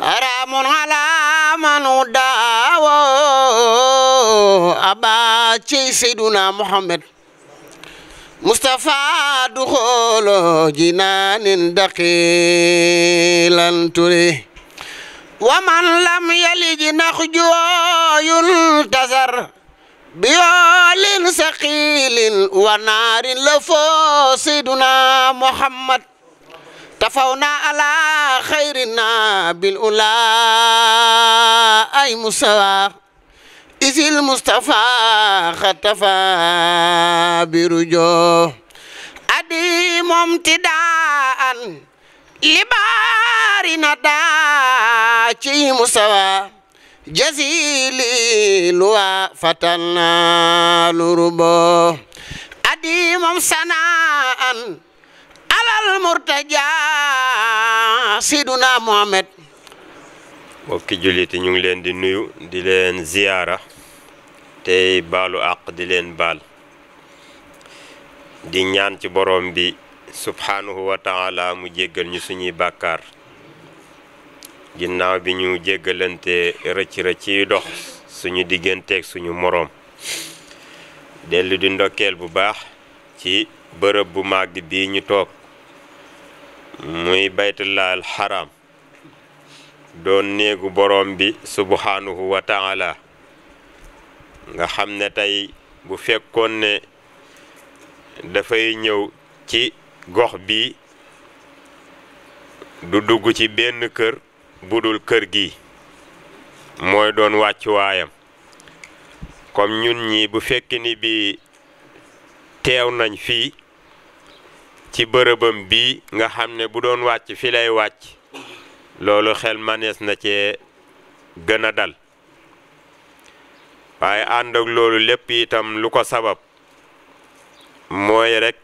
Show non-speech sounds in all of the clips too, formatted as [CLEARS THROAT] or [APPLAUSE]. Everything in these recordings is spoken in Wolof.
حرام على من داوى أبا سيدنا محمد مصطفى دخول جنان دقيلا تري ومن لم يلج نخجو ينتظر بيول ثقيل ونار لفو سيدنا محمد كفونا على خيرنا بالأولى أي مستوى إذ المصطفى خطفى برجوه أديم امتداء لبار نداتي مستوى جزيلي لوا فتنا لربوه أديم صناء murtaja siduna Muhammad mbokki jullit yi ñu ngi leen di nuyu di leen ziyaara tey baalu àq di leen baal di ñaan ci boroom bi subhaanahu wa mu jéggal ñu suñuy bàkkaar ginnaaw bi ñu jéggalante rëcc rëcc yi dox suñu digganteeg suñu moroom dellu di ndokkeel bu baax ci bërëb bu màgg bi ñu toog muy baytullah al xaram doon néegu boroom bi subhanahu wa taala nga xam ne tey bu fekkoon ne dafay ñëw ci gox bi du dugg ci benn kër bu dul kër gi mooy doon wàccuwaayam comme ñun ñi bu fekk ni bi teew nañ fii ci bërëbam bii nga xam ne bu doon wàcc fi lay wàcc loolu xel manees na cee gën a dal waaye ànd ak loolu lépp itam lu ko sabab mooy rek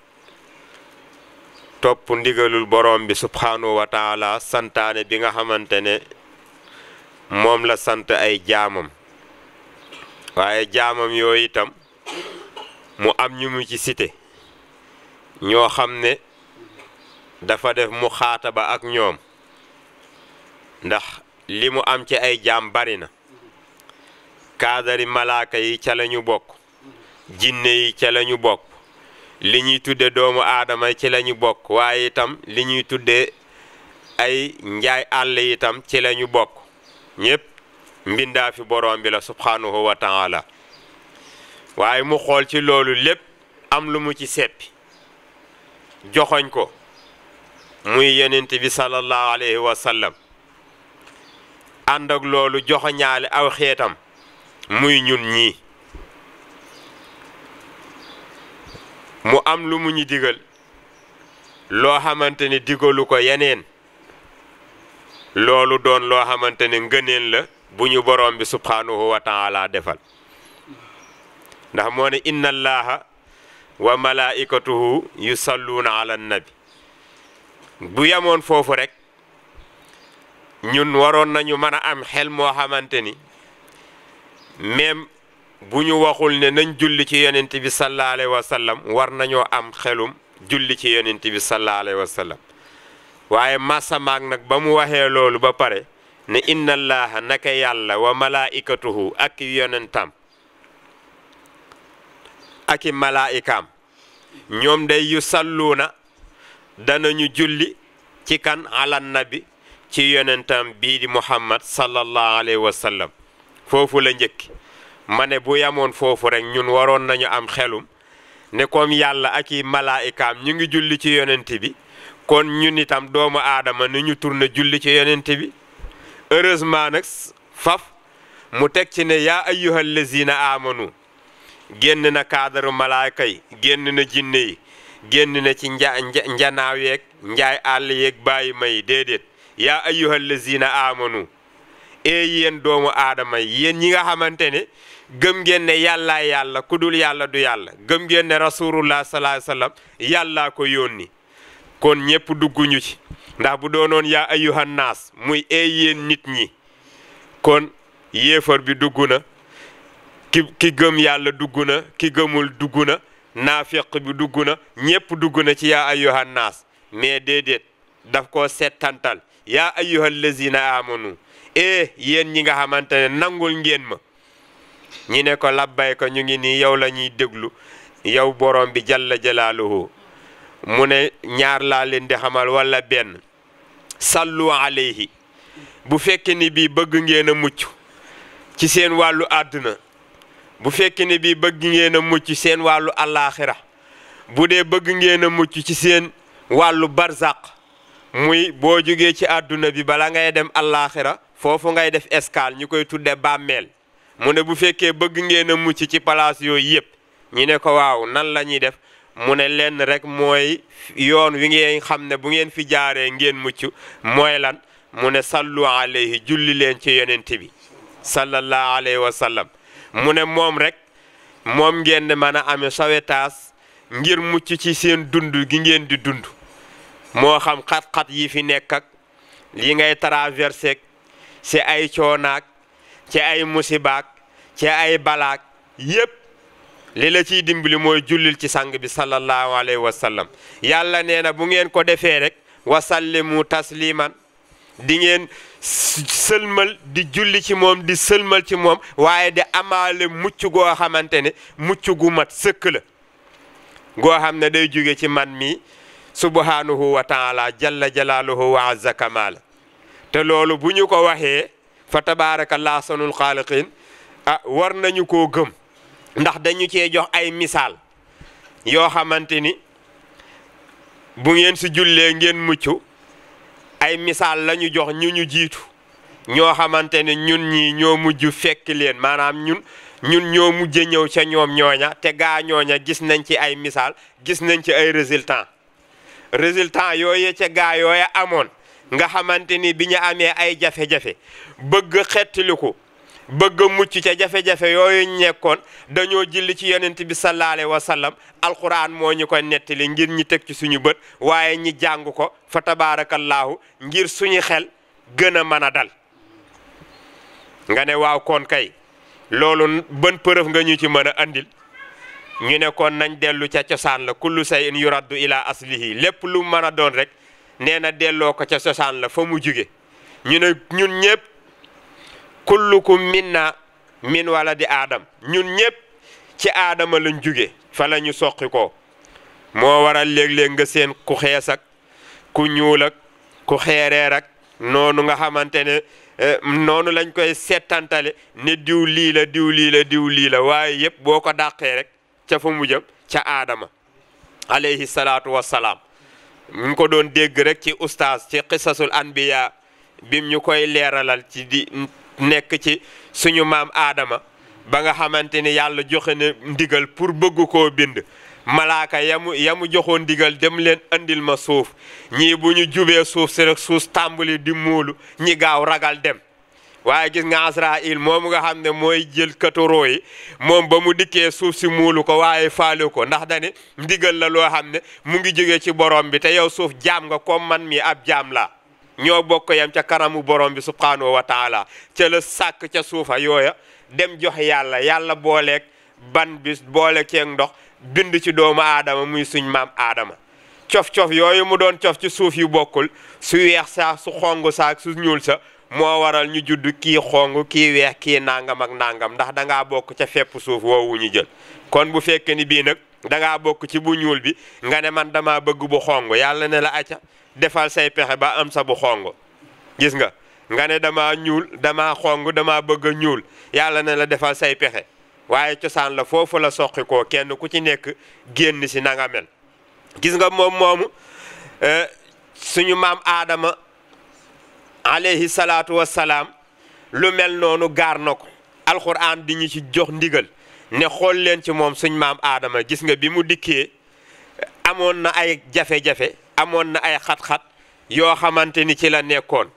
topp ndigalul borom bi subhanahu wa taala santaane bi nga xamante ne moom la sant ay jaamam waaye jaamam yooyu itam mu am ñu mu ci cité ñoo xam ne dafa def mu xaata ba ak ñoom ndax li mu am ci ay jaam bari na kaadari malaaka yi ca lañu bokk jinne yi ca lañu bokk li ñuy tudde doomu aadama ci lañu bokk waaye itam li ñuy tudde ay njaay àll itam ci lañu bokk ñépp mbindaa fi boroom bi la subhanahu wa taala waaye mu xool ci loolu lépp am lu mu ci seppi joxoñ ko muy yonent bi sallallahu alayhi wa sallam ànd ak loolu joxoñaale aw xeetam muy ñun ñii mu am lu mu ñu digal loo xamante ni digalu ko yeneen loolu doon loo xamante ne ngëneen la bu ñu borom bi subhaanahu wa taala defal ndax moo ne inna wa malaikatuhu yusalluuna ala nabi bu yamoon foofu rekk ñun waroon nañu mën a am xel moo xamante ni même bu ñu waxul ne nañ julli ci yonent bi sallallahu alayhi war nañoo am xelum julli ci yonent bi sallallahu alayhi wa waaye masamaag nag ba mu waxee loolu ba pare ne inna allaha naka yàlla wa malaikatuhu ak yonentam aki malaikaam ñoom day yu salluuna danañu julli ci kan alannabi ci yonentam bii di muhammad salallahu alayhi wasallam foofu la njëkki ma ne bu yamoon foofu rek ñun waroon nañu am xelum ne comme yàlla ak i malaikaam ñu ngi julli ci yonent bi kon ñun itam doomu aadama ni ñu tourne julli ci yonent bi heureusement nag faf mu teg ci ne yaa ayuha alazina amanou génn na kaadaru malaayka yi génn na jinne yi génn na ci nja njanaaw yeeg njaay àll yeeg bàyyi may déedéet yaa ayyuhal lazina amanu ee yéen doomu aadama yi yéen ñi nga xamante ne gëm ngeen ne yàllaa yàlla ku dul yàlla du yàlla gëm ngeen ne rasulullah sallallahu alayhi wasallam yàllaa ko yónni kon ñépp dugguñu ci ndax bu doonoon yaa ayyuhan naas muy ee yéen nit ñi kon yéefar bi dugg na ki ki gëm yàlla dugg na ki gëmul dugg na naafiq bi dugg na ñépp dugg na ci yaa ayyuhan naas mais déedéet daf koo settantal yaa ayyuhal lazina amanu e eh, yéen ñi nga xamante ne nangul ngeen ma ñi ne ko labbay ko ñu ngi nii yow la ñuy déglu yow borom bi jalla jalaaluhu mu ne ñaar laa leen di xamal walla benn sallu alayhi bu fekkee ni bii bëgg ngeen a mucc ci seen wàllu àdduna bu fekkee ne bii bëgg ngeen a mucc seen wàllu allaaxira bu dee bëgg ngeen a mucc ci seen wàllu barzaq muy boo jógee ci àdduna bi bala ngay dem allaaxira foofu ngay def escale ñu koy tudde bàmmeel mu ne bu fekkee bëgg ngeen a mucc ci palaas yooyu yëpp ñu ne ko waaw nan lañuy def mu ne lenn rek mooy yoon wi ngeen xam ne bu ngeen fi jaaree ngeen mucc mooy lan mu ne sallu alayhi julli leen ci yonent bi sallallahu alayhi wa sallam mu ne moom rekk moom ngeen di mën a amee sawetaas ngir mucc ci seen dund gi ngeen di dund moo xam xat-xat yi fi nekk ak li ngay taraversek ci ay coonaak ci ay musibaak ci ay balaak yépp li la ciy dimbali mooy jullil ci sang bi sallallahu alayhi wa sallam yàlla nee na bu ngeen ko defee rek wasallimu tasliman di ngeen sëlmal di julli ci moom di sëlmal ci moom waaye di amaale mucc goo xamante ne mucc gu mat sëkk la goo xam ne day jóge ci man mi subhanahu wa taala jalla jalaaluhu wa azza kamaala te loolu bu ñu ko waxee fa tabaarakallah sanul xaaliqin ah war nañu ko gëm ndax dañu cee jox ay misaal yoo xamante ni bu ngeen si jullee ngeen mucc ay misaal la ñu jox ñu ñu jiitu ñoo xamante ne ñun ñi ñoo mujj fekk leen maanaam ñun ñun ñoo mujj ñëw ca ñoom ñooña te gaa ñooña gis nañ ci ay misaal gis nañ ci ay résultat résultat yooye ca gaa yooya amoon nga xamante ni bi ñu amee ay jafe-jafe bëgg xettaliku bëgg mucc ca jafe-jafe yooyu ñekkoon dañoo jilli ci yonent bi sallallahu alayhi wa sallam alquran moo ñu ko nettali ngir ñi teg ci suñu bët waaye ñi jàng ko fa tabaarakallaahu ngir suñu xel gën a mën a dal nga ne waaw kon kay loolu bën përëf nga ñu ci mën a andil ñu nekkoon nañ dellu ca cosaan la kullu shay'in yuraddu ila aslihi lépp lu mën a doon rek nee na delloo ko ca cosaan la fa mu jóge ñu ne ñun ñëpp kullukum minna min wala di aadam ñun ñépp ci aadama lañ jóge fala ñu soqi ko moo waral léeg-léeg nga séen ku xeesak ku ñuul ak ku xeereer ak noonu nga xamante ne eh, noonu lañ koy settantale ne diw lii la diw lii diw lii la waaye yépp boo ko dàqee rek ca fa mu ca aadama alayhi salaatu wassalaam ñu ko doon dégg rek ci ustaas ci qisasul anbiya bim ñu koy leeralal ci di nekk ci suñu maam aadama ba nga xamante ni yàlla joxe ndigal pour bëggu ko bind malaaka yamu yamu joxoon ndigal dem leen andil ma suuf ñii bu ñu jubee suuf si rek suuf tàmbali di muulu ñi gaaw ragal dem waaye gis nga Asraayil moom nga xam ne mooy jël katoroo yi moom ba mu dikkee suuf si muulu ko waaye faale ko ndax dani ndigal la loo xam ne mu ngi jóge ci borom bi te yow suuf jaam nga ko man mi ab jaam laa ñoo bokk yam ca kanamu borom bi subhanahu wa taala ca la sàkk ca suufa yooya dem jox yàlla yàlla booleek ban bi boole ceeg ndox bind ci doomu aadama muy suñ maam aadama cof-cof yooyu mu doon cof ci suuf yu bokkul su weex saa su xong saa su ñuul sa moo waral ñu judd kii xong kii weex kii nangam ak nangam ndax danga bokk ca fepp suuf woowu ñu jël kon bu fekkee ni bii nag danga bokk ci bu ñuul bi nga ne man dama bëgg bu xong yàlla ne la acca defal say pexe ba am sabu bu xong gis nga nga ne dama ñuul dama xong dama bëgg a ñuul yàlla ne la defal say pexe waaye cosaan la foofu la soqi koo kenn ku ci nekk génn si na nga mel gis nga moom moomu eh, suñu maam aadama alayhi salaatu wassalaam lu mel noonu gaar na ko alxuraan di ñu ci jox ndigal ne xool leen ci moom suñ maam aadama gis nga bi mu dikkee amoon na ay jafe-jafe amoon na ay xat-xat yoo xamante ni ci la nekkoon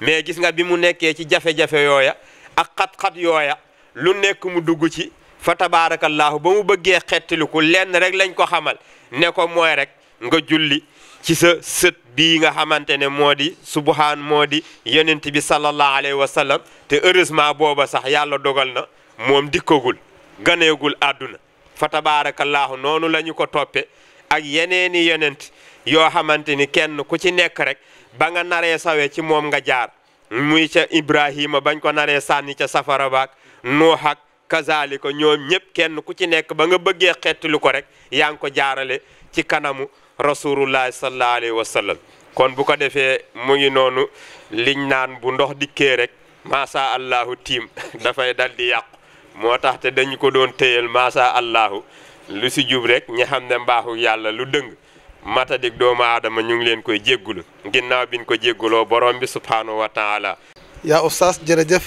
mais gis nga bi mu nekkee ci jafe-jafe yooya ak xat-xat yooya lu nekk mu dugg ci fa tabaarakallaahu ba mu bëggee xettiliku lenn rek lañ ko xamal ne ko mooy rek nga julli ci sa sët bii nga xamante ne moo di subhaan moo di yonent bi sallallahu alayhi wa sallam te heureusement booba sax yàlla dogal na moom dikkagul ganeegul àdduna fa tabaarakallaahu noonu lañu ko toppe ak yeneeni yonent yoo xamante ni kenn ku ci nekk rek ba nga naree sawee ci moom nga jaar muy ca Ibrahima bañ ko naree sànni ca safara baak Nuux ak kazaalika ñoom ñëpp kenn ku ci nekk ba nga bëggee xettali ko rek yaa ngi ko jaarale ci kanamu rasulullahi sallallahu alayhi wa sallam kon bu ko defee muy noonu liñ naan bu ndox dikkee rek maasa allahu tiim [LAUGHS] dafay dal di yàqu moo tax te dañu ko doon téyal maasa allahu lu si jub rek ñi ne mbaaxu yàlla lu dëng matadik doomu aadama ñu ngi leen koy jéggulu ginnaaw biñ ko jégguloo borom bi subhaanahu wa taala yaa oustaz jërëjëf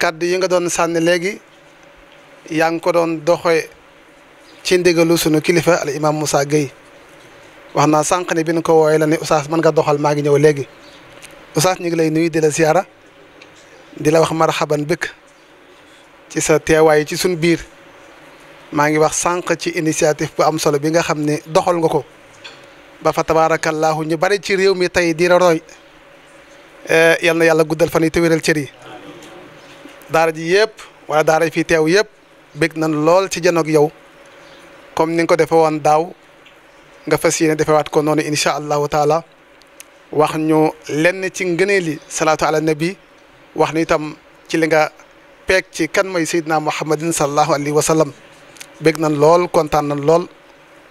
kàddu yi nga doon sànni léegi yaa ngi ko doon doxee ci ndigalu sunu kilifa al imam Moussa Gueye wax naa sànq ne bi ñu ko wooyee la ne oustaz mën nga doxal maa ngi ñëw léegi oustaz ñu ngi lay nuyu di la ziyaara di la wax marhaban bëkk ci sa teewaay ci sunu biir maa ngi wax sànq ci initiative bu am solo bi nga xam ne doxal nga ko ba fa tabaarakallaahu ñu bari ci réew mi tey di la roy eh, yàlla guddal fan yi te wéral cër yi daara ji yëpp wala daara yi fii teew yëpp bég nañ lool ci janoog yow comme ni nga ko defe daaw nga fas yéene defewaat ko noonu incha allahu taala wax ñu lenn ci ngëneeli salaatu ala nabi wax ñu itam ci li nga peeg ci kan mooy sayyidina muhammadin sallallahu alayhi wa sallam bég nan lool kontaan nan lool o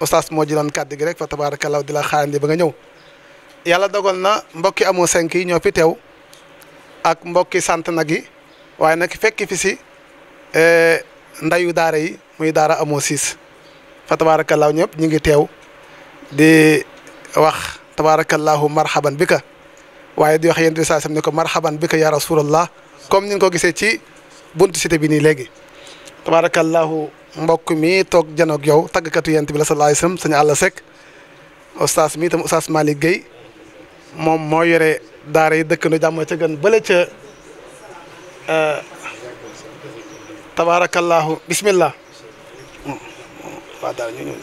oustaz moo jëloon kàddu gi rek fa tabaarakallaahu di la xaarandi ba nga ñëw yàlla dogal na mbokki amoo senk yi ñoo fi teew ak mbokki sant nag yi waaye nag fekk fi si e, ndayu daara yi muy daara amoo siis fa tabaarakallaahu ñëpp ñu ngi teew di wax tabaarakallaahu marhaban bi ka waaye di wax yéen di ni sam ne ko marhaban bi ka ya rasulallah comme ni nga ko gisee ci buntu cité bi nii léegi tabaarakallaahu mbok mi toog ak yow tàggkatu yent bi la sallallahu alayhi wasallam seigne allah sek oustaz mi tam oustaz malik gay mom mo yore daara yi dëkk nu jàmm ca gën ci euh tabarakallah bismillah waa daara ñu ñu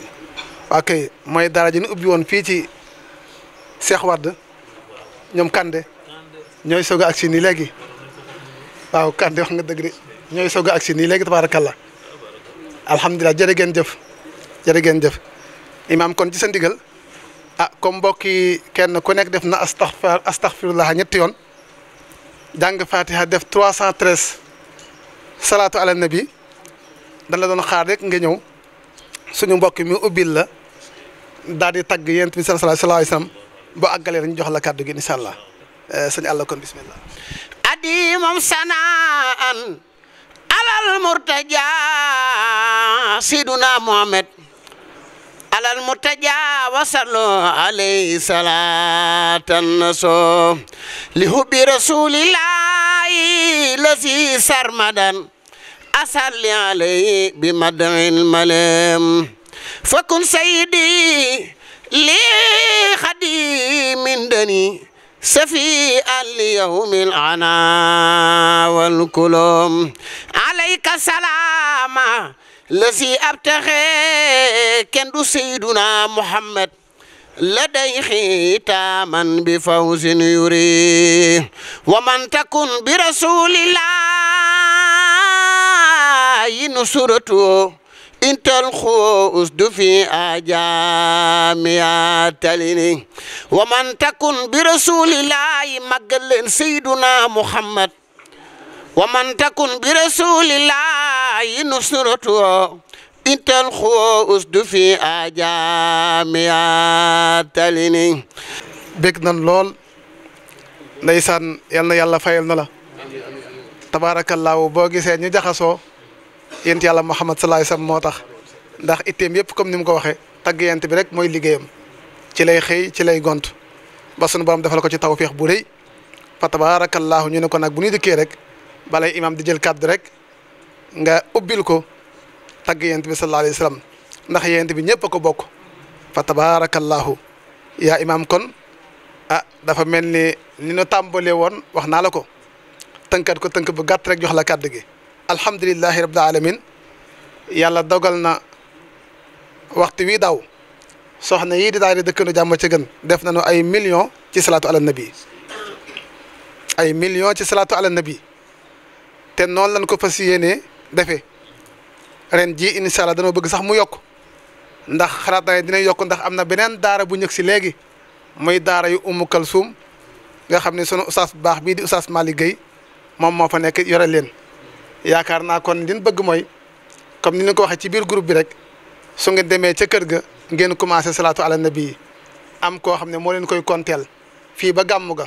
waa kay mooy daara ji ñu ubbi won fi ci Cheikh Wade ñom Kande ñoy soga ak ci ni legi waaw Kande wax nga dëgg ñoy soga ak ci ni legi tabarakallah Alhamdulillah jërë ngeen jëf jërë Imam jëf imam kon ci sa ndigal ah comme mbokki kenn ku nekk def na astaghfir astaghfirullah ñetti yoon jàng fatiha def 313 salatu ala nabi dañ la doon xaar rek nga ñëw suñu mbokki mi ubil la daal di tagg yent bi sallallahu alayhi wasallam boo jox la kaddu gi inshallah allah eh, seigne allah kon bismillah adi sanaan alal murtaja siduna muhammad alal murtaja wasallu alayhi salatan so li hubbi rasulillahi lasi sarmadan asalli alayhi bi mad'il malam fakun sayyidi li khadimin dani سفي اليوم العنا والكلوم عليك سلام الذي أبتغي كند سيدنا محمد لدي ختاما بفوز يريه ومن تكن برسول الله نصرته انت الخوسد في اجاميا تليني ومن تكن برسول الله مجل سيدنا محمد ومن تكن برسول الله نصرته انت الخوسد في اجاميا تليني بكنا نان لول نيسان يلا يلا فايل نلا تبارك الله بوغي سي ني جاخاسو yent yàlla Muhammad salaay sam moo tax ndax item yëpp comme ni mu ko waxee tagg yent bi rek mooy liggéeyam ci lay xëy ci lay gont ba sunu borom defal ko ci taw tawféex bu rëy fa tabaarakallaahu ñu ne ko nag bu ñuy dikkee rek balay imam di jël kàddu rek nga ubbil ko tagg yent bi sallallahu alayhi wa ndax yent bi ñëpp a ko bokk fa tabaarakallaahu yaa imam kon ah dafa mel ni ni ñu tàmbalee woon wax naa la ko tënkat ko tënk bu gàtt rek jox la kàddu gi. الحمد لله رب yàlla يلا دوغلنا وقت وي داو soxna يي دي daal دكنو جامو تي گن gën def اي مليون تي صلاه على النبي nabi مليون تي صلاه على النبي nabi نون noonu كو فاسييني fas رين جي ان شاء الله دانو danoo صاح مو يوك yokk ndax xalaat naa dina yokk ndax am na beneen daara bu ñëg si léegi muy nga xamni sunu oustaz bax bi di oustaz malik gay mom mo fa nek yoralen yaakaar naa kon li bëgg mooy comme ni ñu ko waxee ci biir groupe bi rek su ngeen demee ca kër ga ngeen commencé salaatu ala nabi am koo xam ne moo leen koy konteel fii ba gàmm ga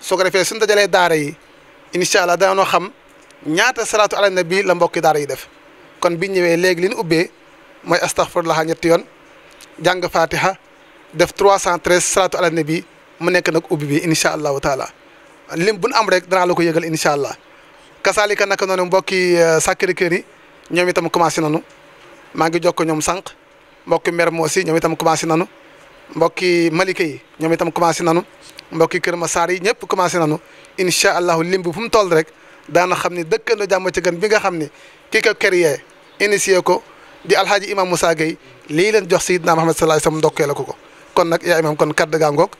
soo ko defee suñu dajalee daara yi incha allah dañoo xam ñaata salaatu ala nabi la mbokki daara yi def kon bi ñëwee léegi li ñu ubbee mooy la ñetti yoon jàng fatiha def tres salaatu ala nabi mu nekk nag ubbi bi incha allahu taala lim bu nu am rek danaa la ko yëgal incha allah. kasaalika naka noonu mbokki euh, Sacré-Cœur yi ñoom itam commencé nanu maa ngi jokk ñoom sànq mbokki Mermoz yi ñoom itam commencé nanu mbokki Malika yi ñoom itam commencé nanu mbokki Kër Massar yi ñëpp commencé nanu incha allahu limb bi fu mu toll rek daana xam ni dëkkandoo jàmm a gën bi nga xam ni kii kër créé initié ko di alhaaji imam Moussa Gueye lii leen jox Seydina Muhammad sallallahu alayhi wasallam ndokkee la ko ko kon nag yaa imam kon kaddu gaa ngoog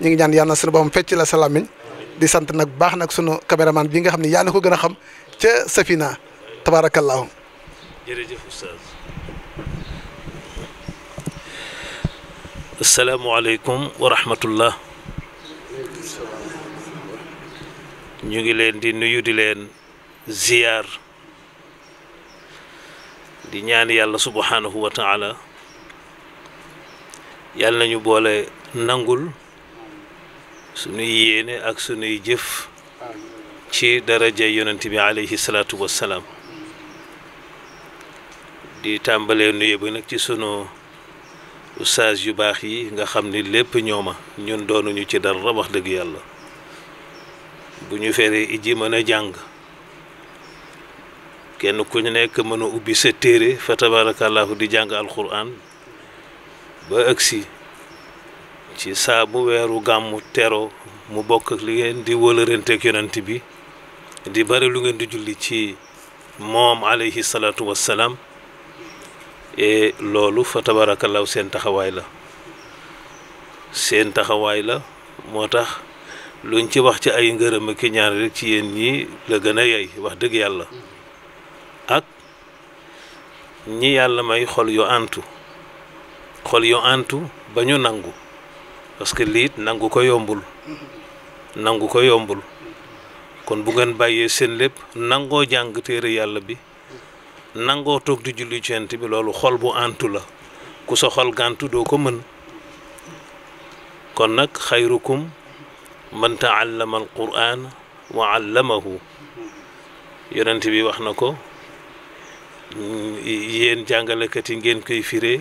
ñu ngi ñaan yàlla na sunu boppam fecc la sa làmmiñ di sant nag baax nag sunu caméraman bi nga xam ne yaan ko gën a xam ca Safina tabaarakallaahu. jërëjëf oustaz. asalaamualeykum wa ñu ngi leen di nuyu di leen ziyaar. di ñaan yàlla subhaanahu wa taala yàlla nañu boole nangul. sunuy yéene ak sunuy jëf ci daraja yonent bi aleyhi salaatu wassalaam di tàmbalee nuye ba nag ci sunu ustaas yu baax yi nga xam ni lépp ñooma ñun doonuñu ci dara wax dëgg yàlla bu ñu feree iji mën a jàng kenn ku nekk mën a ubbi sa téere fa tabaarakallaahu di jàng alquran ba agsi ci saa bu weeru gàmmu tero mu bokk li ngeen di wëlëranteeg yonent bi di bari lu ngeen di julli ci moom alayhi salaatu wassalaam e loolu fa tabarakallahu seen taxawaay la seen taxawaay la moo tax luñ ci wax ci ay ngërëm ak ñaan rek ci yéen ñi la gën a yey wax dëgg yàlla ak ñi yàlla may xol yu antu xol yu àntu ba ñu nangu parce que liit it nangu ko yombul nangu ko yombul kon bu ngeen bàyyee seen lépp nangoo jàng téere yàlla bi nangoo toog di julli cent bi loolu xol bu antu la ku sa xol gàntu doo ko mën kon nag xayrukum man taallama quraan wa allamahu yonent bi wax na ko yéen jàngalekat yi ngeen koy firee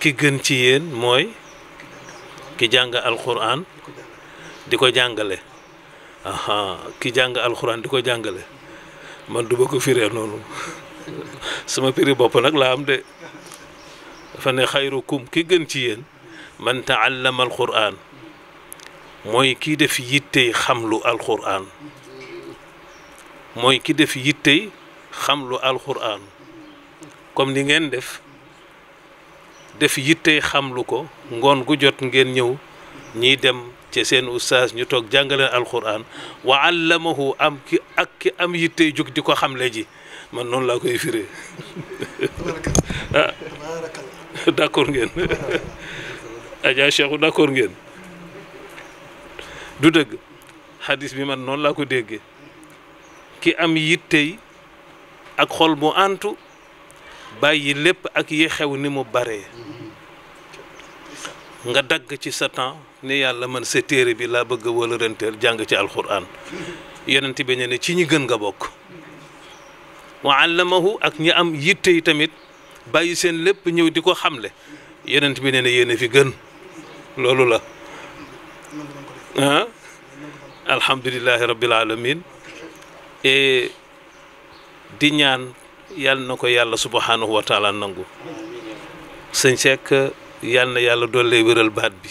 ki gën ci yéen mooy ki jang alquran di ko aha ki jang alquran di ko jàngale man du ma firé nonu sama firé bop nak la am de fa ne xayrukum ki gën ci yeen man taallama alquran moy ki def yitté xamlu alquran moy ki def yitté xamlu alquran comme ni ngeen def def yittey xamlu ko ngoon gu jot ngeen ñëw ñiy dem ci seen ustaas ñu toog jàngaleen alquran wa allamahu am ki ak ki am yittey jóg ko xamle ji man noonu laa koy firee ah ngeen Adja Cheikhou d'accord ngeen du dëgg xadis bi man noon laa ko déggee ki am yittey ak xol mu antu bàyyi lépp ak yi xew ni mu bare nga dagg ci sa temps ne yàlla man sa téere bi laa bëgg a wëlëranteel jàng ci alxuraan yenent bi ne ci ñi gën nga bokk wa allamahu ak ñi am yitte tamit bàyyi seen lépp ñëw di ko xamle yonent bi ne yéen a fi gën loolu la ah alhamdulilahi rabbil alamin di ñaan yal na ko yàlla subhanahu wa taala nangu sëñ Cheikh yal na yàlla dollee wéral baat bi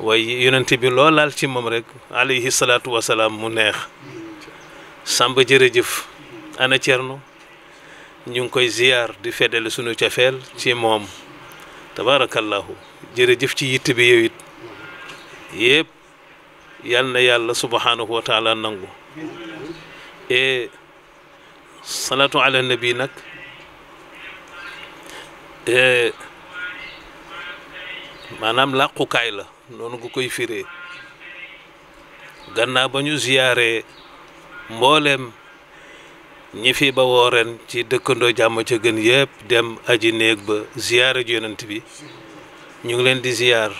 waaye yonent bi loolaal ci moom rek alayhi salaatu salaam mu neex Samba jërëjëf ana Thierno ñu ngi koy ziyaar di feddale sunu cafeel ci moom tabaarakallaahu jërëjëf ci yitt bi yow yépp yal na yàlla subhanahu wa nangu e salaatu ala nabi nag e, maanaam làqukaay la noonu nga koy firee gannaaw ba ñu ziyaaree mbooleem ñi fi ba woo ci dëkkandoo jàmm ca gën yépp dem aji néeg ba ziyaare ju bi ñu ngi leen di ziyaar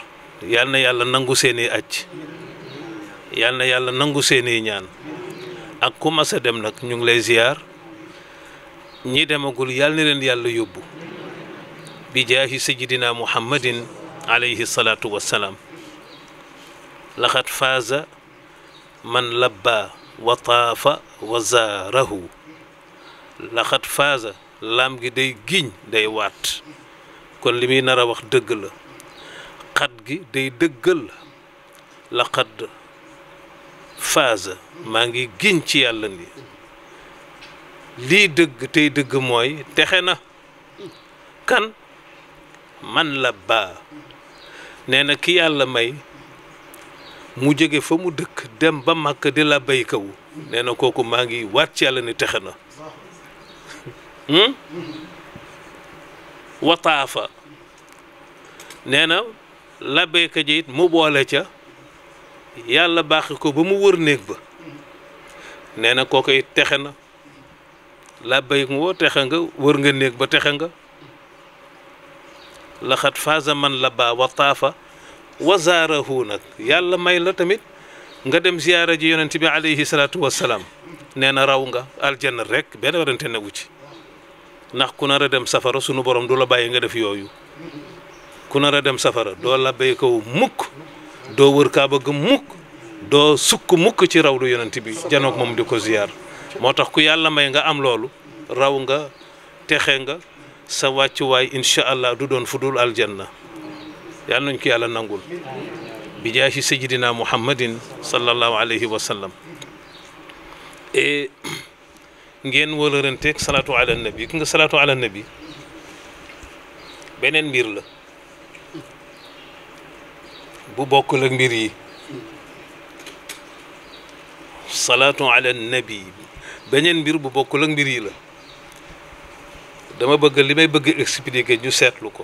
yal na yàlla nangu seeni aj yal na yàlla nangu seeni ñaan ak ku mas dem nag ñu ngi lay ziyaar ñi demagul yàlla na leen yàlla yóbbu bi jaahi sayidina muhammadin alayhi salaatu wassalaam laxat faaza man labba wa taafa wa zaarahu laxat faaza laam gi day giñ day wat kon li muy wax dëgg la xat gi day dëggal laxat faaza maa ngi giñ ci yàlla ni lii dëgg tey dëgg mooy texe na kan man la baa nee na ki yàlla may mu jóge fa mu dëkk dem ba màkk di la bay kaw nee na kooku maa ngi waat ci yàlla ni texe na [LAUGHS] hmm? wataafa nee na la bayka ji mu boole ca yàlla baaxi ko ba mu wër néeg ba nee na kooku texe na labbayk woo texe nga wër nga néeg ba texe nga laxat faaza man la ba wa taafa wa nag yàlla may la tamit nga dem ziyaara ji yonent bi alayhi salaatu wassalaam nee na raw nga aljanna rek benn warante negu ci ndax ku nar a dem safara sunu borom du la bàyyi nga def yooyu ku nar a dem safara doo labbay kaw mukk doo wër kaaba ga mukk doo sukk mukk ci raw lu yonent bi janoog moom di ko ziyaar moo tax ku yàlla may nga am loolu raw nga texe nga sa wàccuwaay incha allah du doon fu dul aljanna yàlla nañ ko yàlla nangul bi jaahi sayidina muhammadin sallallahu alayhi wa sallam e ngeen wëlëranteeg salaatu ala nabi ki nga salaatu ala nabi beneen mbir la bu bokkul ak mbir yi salaatu ala nabi beneen mbir bu bokkul ak mbir yi la dama bëgg li may bëgg expliquer ñu seetlu ko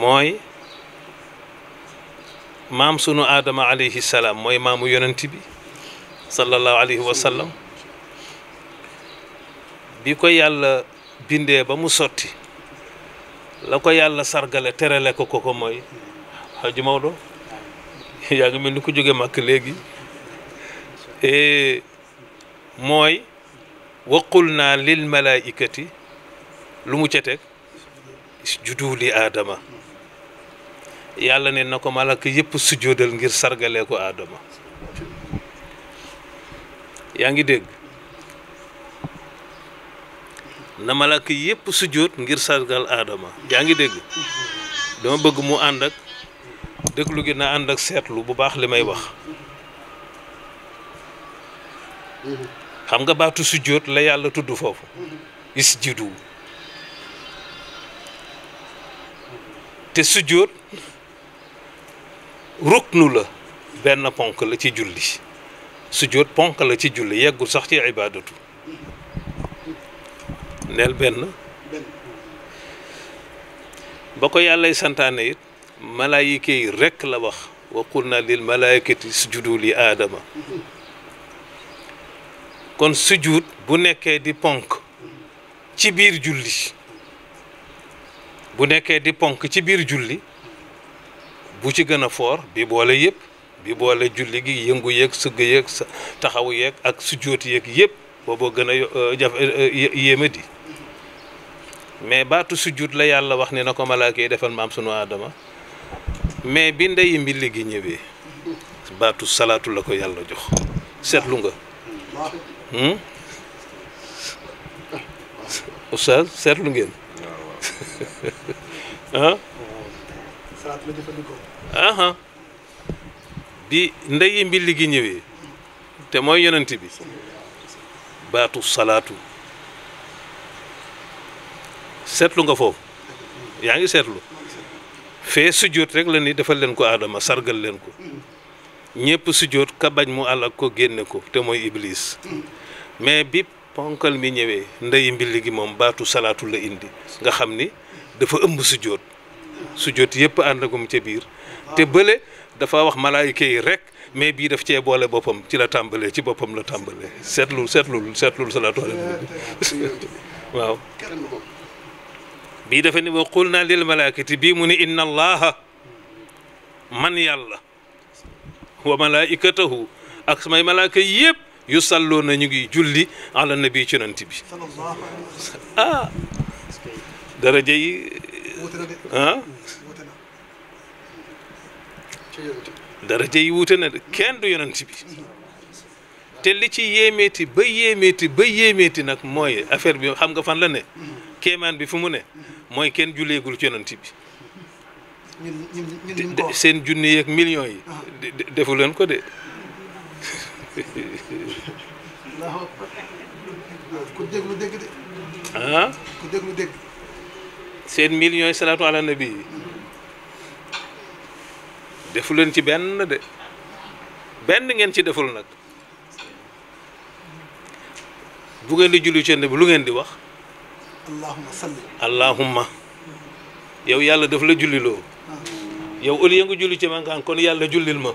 mooy maam sunu aadama alayhi salaam mooy maamu yonent bi sallallahu alayhi wa bi ko yàlla bindee ba mu sotti la ko yàlla sargale terale ko ko ko mooy xaju Maodo yaa ngi mel ni ku jóge màkk léegi eh, mooy waqul naa lil malaikati lu mu ca teg li aadama yàlla ne na ko malaka yépp sujjóodal ngir sargalee ko aadama yaa ngi dégg na malaka yëpp sujjóot ngir sargal aadama yaa ngi dégg dama bëgg mu ànd ak déglu na ànd ak seetlu bu baax li may wax xam nga baatu sujjóot la yàlla tudd foofu isjudu te sujjóot ruknu la benn ponk la ci julli sujjóot ponk la ci julli yeggul sax ci ibaadatu neel benn ba ko yàllay santaane it malaayika yi rekk la wax wa qul na lil malaayikati isjudu li aadama kon sujjuut bu nekkee di ponk ci biir julli bu nekkee di ponk ci biir julli bu ci gën a foor bi boole yëpp bi boole julli gi yëngu yeeg sëgg yeeg taxawu yeeg ak sujjoot yeeg yëpp booboo gën a euh, jafe euh, euh, di mais baatu sujjuut la yàlla wax ne na ko malaaka yi defal maam sunu aadama mais bi ndeyi mbilli gi ñëwee baatu salaatu la ko yàlla jox seetlu nga Hmm? oustaz seetlu ngeen. [LAUGHS] ah. salaat la jëfandikoo. bi ndeyi mbilli gi ñëwee te mooy yonent bi baatu salaatu seetlu nga foofu yaa ngi seetlu fee sujjóot rek la ni defal leen ko aadama sargal leen ko ñépp sujjóot kabañ mu àll ak ko génne ko te mooy iblis. mais bi ponkal mi ñëwee ndeyu mbilli gi moom baatu salaatu la indi nga xam ni dafa ëmb sujjóot sujjóot yëpp ànd agum ca biir te bële dafa wax malaayika yi rek mais bii daf cee boole boppam ci la tàmbalee ci boppam la tàmbalee seetlul seetlul seetlul salaatu ala [LAUGHS] waaw bii dafa ni wa qul naa lil malaakati bii mu ni inna allaha man yàlla wa malaikatahu ak samay malaaka yépp na ñu ngi julli ala bii ci yonent bi ah daraja yi ah daraja yi wuute na de kenn du yonent bi te li ci yéemeeti ba yéemeeti ba yéemeeti nag mooy affaire bi xam nga fan la ne kéemaan bi fu mu ne mooy kenn julleegul ci yonent bi seen junni yeeg millions yi ah. defu leen ko de Ah? seen mil ñooy salaatu ala nabi yi defu leen ci benn de benn ngeen ci deful nag bu ngeen di julli ci bi lu ngeen di wax. allahumma salli. yàlla daf la julliloo. Ah. yow au lieu julli ci man kon yàlla jullil ma.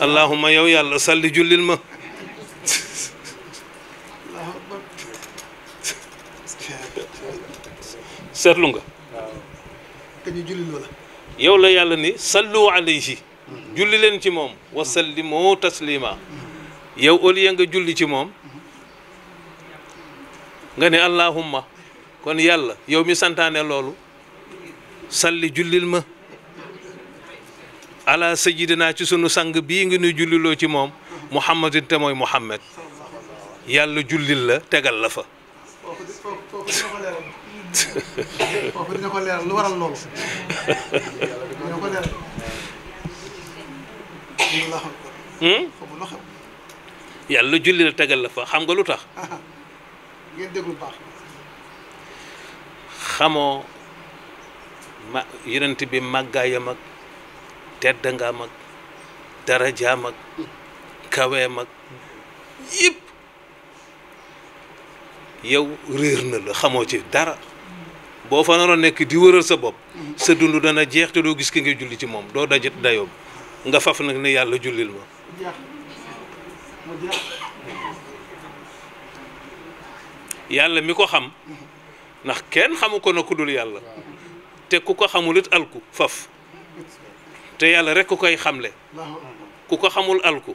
اللهم يا ويا الله صلي جل الم سير لونغا كني جل الولا يا ولا يا لني صلوا عليه جل لين تيموم وسلموا تسليما يا أولي أنك جل تيموم غني اللهم كن يلا يومي سنتان لولو صلي جل الم ala sayidina ci sunu sang bii ngi nuy julliloo ci moom muhammadin te mooy muhammad yàlla jullil la tegal la fa hmm? Hmm? tegal la xam nga lu tax ngeen xamoo ma yonent bi màggaayam ak tedd nga mag daraja mag kawee mag yëpp yow réer na la xamoo ci dara boo fa naroon nekk di wëral sa bopp sa dund dana jeex te doo gis ki nga julli ci moom doo dajet dayoom nga faf nag ne yàlla jullil ma yàlla mi ko xam ndax kenn xamu ko na ku dul yàlla te ku ko xamul it alku faf te yàlla rek ku koy xamle ku ko xamul alku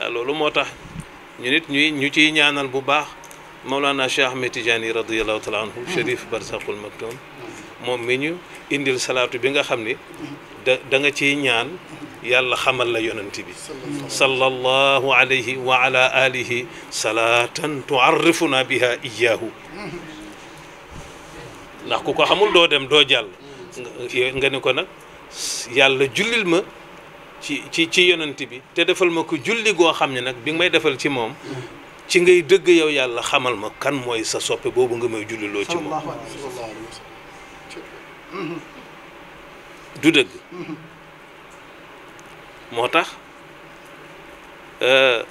waaw loolu moo tax ñu nit ñuy ñu ciy ñaanal bu baax Mawlana Cheikh Ahmed radiallahu taala anhu sharif Barzakhoul Maktoum moom mi ñu indil salaatu bi nga xam ni da nga ciy ñaan yàlla xamal la yonent bi sallallahu alayhi wa ala alihi salatan tuarrifuna biha iyaahu ndax ku ko xamul doo dem doo jàll nga ni ko nag yàlla jullil ma ci ci ci yonent bi te defal ma ko julli goo xam ne nag bi may defal ci moom ci ngay dëgg yow yàlla xamal ma kan mooy sa soppe boobu nga may julliloo ci moom du dëgg moo tax euh,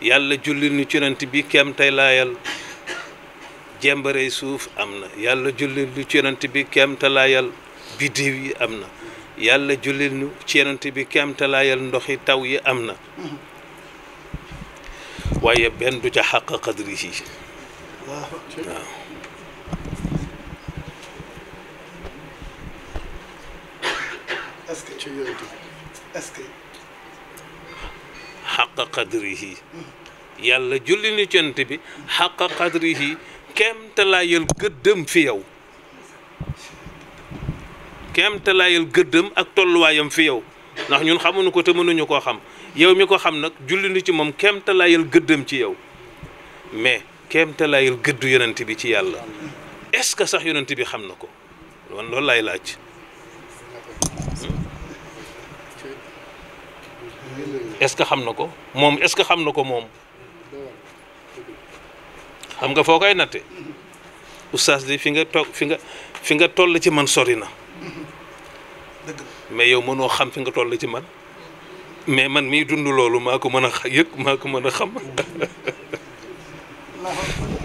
yàlla julli nu ci yonent bi kem tey laayal jembarey suuf am na yàlla julli nu ci yonent bi kem biddiw yi am na yàlla jullil ñu ci yenante bi kemtalaayal ndoxi taw yi am na waaye benn du ca xàq qadri yi waaw est-ce que ci yooyu est-ce que xàq qadri yi yàlla julli ñu cant bi xàq qadri yi kemtalaayal kéemtalaayal gëddam ak tolluwaayam fi yow ndax ñun xamuñu ko te mënuñu koo xam yow mi ko xam nag julliñu ci moom kéemtalaayal gëddëm ci yow mais kéemtalaayal gëdd yonent bi ci yàlla est-ce que sax yonent bi xam na ko man loolu laay laaj. est-ce xam na ko moom est-ce que xam na ko moom xam nga foo koy natte oustaz fi nga toog fi nga fi nga toll ci man sori na. mais yow mënoo xam fi nga toll ci man mais man mii dund loolu maa ko mën a yëg maa ko mën a xam.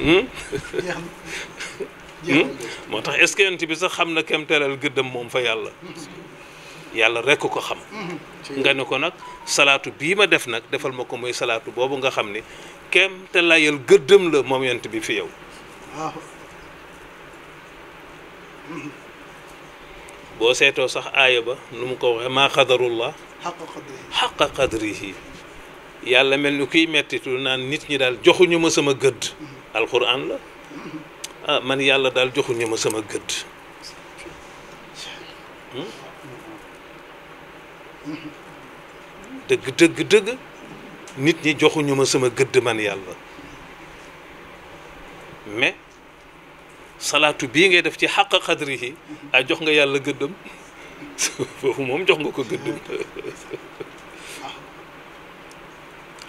Hmm? Hmm? moo tax est-ce bi sax xam na kem teral gëddam moom fa yàlla. yàlla rekk ko xam. nga ne ko nag salaatu bii ma def nag defal ma ko muy salaatu boobu nga xam ni kem te layal gëddam la moom yonent bi fi yow. boo seetoo sax aaya ba nu mu ko waxee maa qadarullah xaqa qadrihi yàlla mel ni kuy mettitu naan nit ñi daal joxuñu ma sama gëdd mm-hmm. alxuraan la mm-hmm. ah, man yàlla daal joxuñu ma sama gëdd hmm? mm-hmm. dëgg dëgg dëgg nit ñi joxuñu ma sama gëdd man yàlla mais salaatu bii ngay def ci xàq xadrihi ay jox nga yàlla gëddëm moom jox nga ko gëddam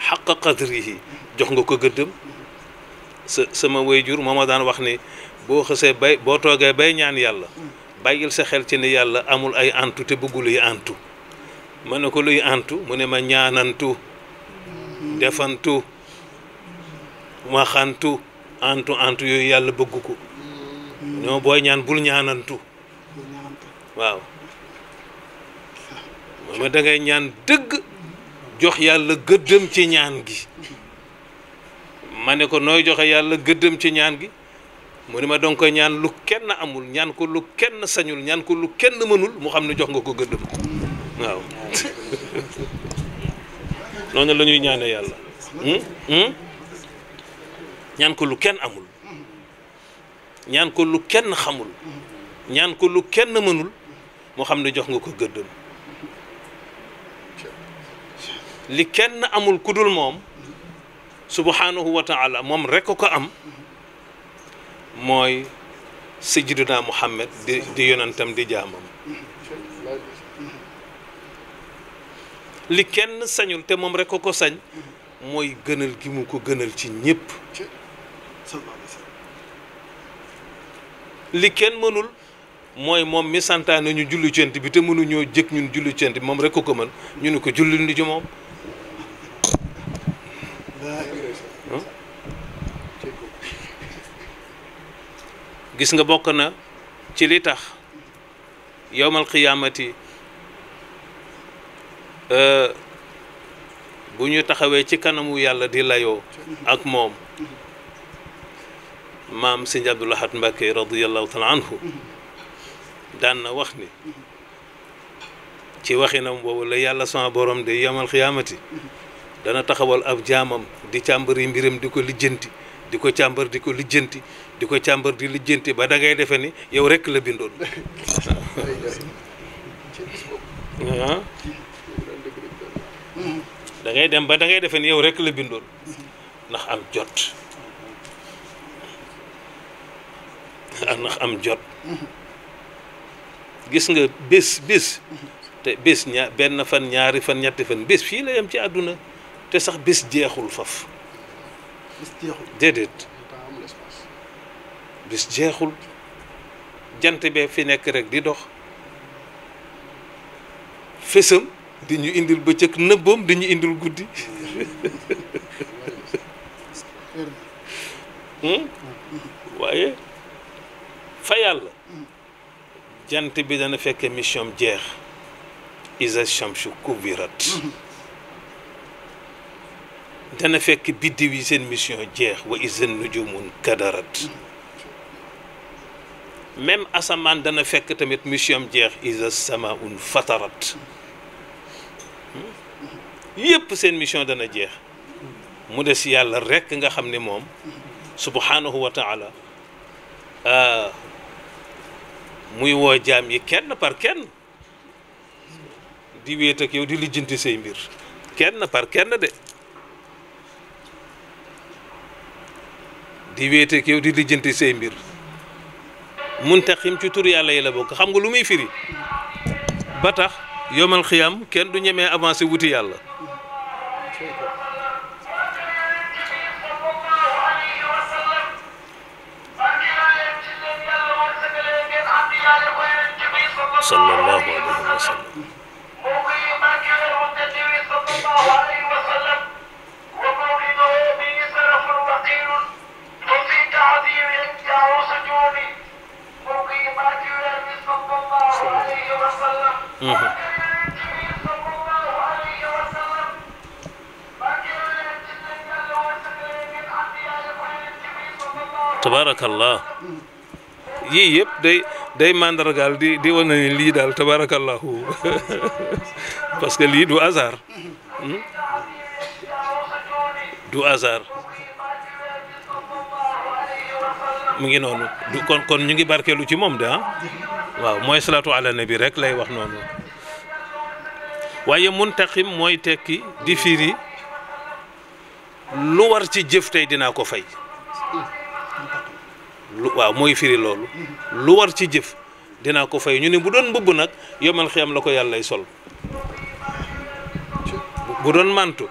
xàq qadrihi jox nga ko gëddëm sa sama jur moo ma daan wax ni boo xësee bay boo toogee bay ñaan yàlla bàyyil sa xel ci ni yàlla amul ay antu te bëggul luy antu ma ne ko luy antu mu ne ma ñaanantu defantu waxantu antu antu yooyu yàlla bëgg ko ñoo booy ñaan bul ñaanantu waaw ma dangay ñaan dëgg jox yàlla gëddëm ci ñaan gi ma ne ko nooy joxe yàlla gëddëm ci ñaan gi mu ni ma danga koy ñaan lu kenn amul ñaan ko lu kenn sañul ñaan ko lu kenn mënul mu xam ne jox nga ko gëddëm waaw [LAUGHS] noonu la ñaane yàlla hmm? Hmm? ñaan ko lu kenn amul ñaan ko lu kenn xamul ñaan ko lu kenn mënul moo xam ne jox nga ko gëddam li kenn amul ku dul moom subhanahu wa taala moom rek ko am mooy sayyidina Muhammad di di yonentam di jaamam li kenn sañul te moom rek ko sañ mooy gënal gi mu ko gënal ci ñépp li kenn mënul mooy moom mi santaane ñu julli cent bi te mënuñoo jëkk ñun julli cent bi moom rek ko mën ñu ne ko julli ni ci moom gis nga bokk na ci li tax yowmal qiyaamati euh, bu ñu taxawee ci kanamu yàlla di layoo ak moom maam seigne Abdullah hat mbake radiyallahu taala anhu dan na wax ni ci waxinam boobu la yalla sama borom de yamal xiyaamati dana taxawal ab jamam di càmbari mbiram diko lijeenti diko di diko lijeenti diko ko di lijeenti ba da ngay defe ni yow rek la bindon ah. da ngay dem ba da ngay defe ni yow rek la bindon ndax am jot [LAUGHS] ndax am jot gis nga bés bés te bés ña benn fan ñaari fan ñetti fan bés fii la yem ci àdduna te sax bés jeexul faf bés bés jeexul jant bee fi nekk rekk di dox fésam di ñu indil bëccëg nëbboom di ñu indil guddi [LAUGHS] hmm? waaye fayal jant bi dana fekke mission jeex isa shamshu kubirat dana fekk bidi wi seen mission jeex wa isa nujumun kadarat même asaman dana fekk tamit mission jeex isa samaun fatarat yépp seen mission dana jeex mu des yàlla rek nga xam ne moom subhanahu wa taala muy woo jaam yi kenn par kenn di wéet ak di lijjanti say mbir kenn par kenn de di wéet ak di lijjanti say mbir muntaxim ci tur yàlla yi la bokk xam nga lu muy firi ba tax yomal xiyam kenn du ñemee avancé wuti yàlla sallallahu alayhi wa sallam mm-hmm. tabaarakallah yii yëpp day day gal di di wona ne lii daal tabarakallahu [LAUGHS] parce que li du hasard hmm? du hasard mu ngi nonu du kon kon ñu ngi barkelu ci mom de waaw moy salatu ala nabi rek lay wax nonu waye muntakhim moy teki di firi lu war ci jëf ko fay lu waaw mooy firi loolu lu war ci jëf dina ko fay ñu ni bu doon bubu nak yomal xiyam la ko sol bu doon mantu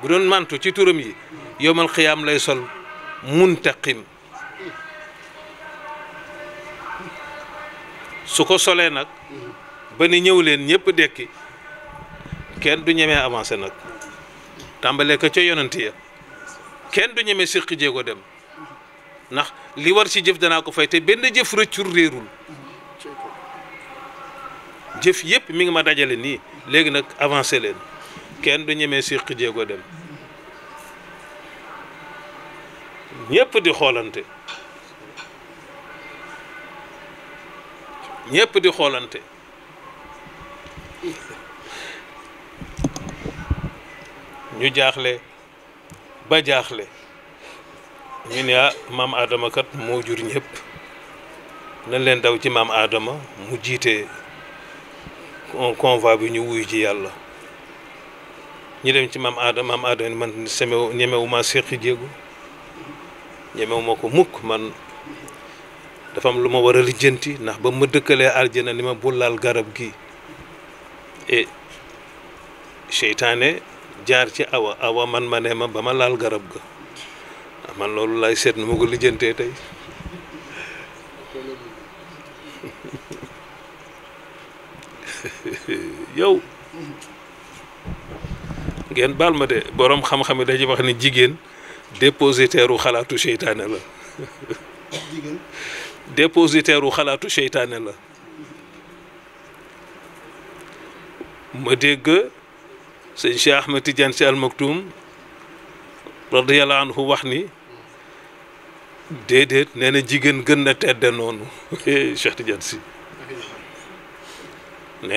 bu doon mantu ci turum yi yomal xiyam lay sol muntaqim su ko solee nag ba ni ñew leen ñepp dekki kenn du ñëmé avancé nak tambalé ko ci ya, kenn du ñëmé sikki jégo dem ndax li war ci jëf danaa ko fay te benn jëf rëccul réerul jëf yépp mi ngi ma dajale nii léegi nag avancé leen kenn du ñemee siqi jéego dem ñépp di xoolante ñépp di xoolante ñu jaaxle ba jaaxle ñu ne ah maam Adama kat moo jur ñëpp nañ leen daw ci maam Adama mu jiite convoi bi ñu wuyu ji yàlla ñu dem ci maam Adama maam Adama man semewu ñemewuma séqi jéegu ñemewuma ko mukk man dafam lu ma war a lijjanti ndax ba mu ma dëkkalee aljana ni ma bu laal garab gi e seytaane jaar ci awa awa man ma ne ma ba ma laal garab ga man loolu laay seet nu ma ko lijjantee tey [LAUGHS] yow ngeen baal ma de boroom xam-xam yi dañuy wax ne jigéen dépositaire u xalaatu seytaane la dépositaire u xalaatu seytaane la ma dégg sëñ Cheikh Ahmed Tidiane Sy Al radiyallahu anhu wax ni déedéet nee na jigéen gën na tedde noonu [LAUGHS] Cheikh Tidiane Sy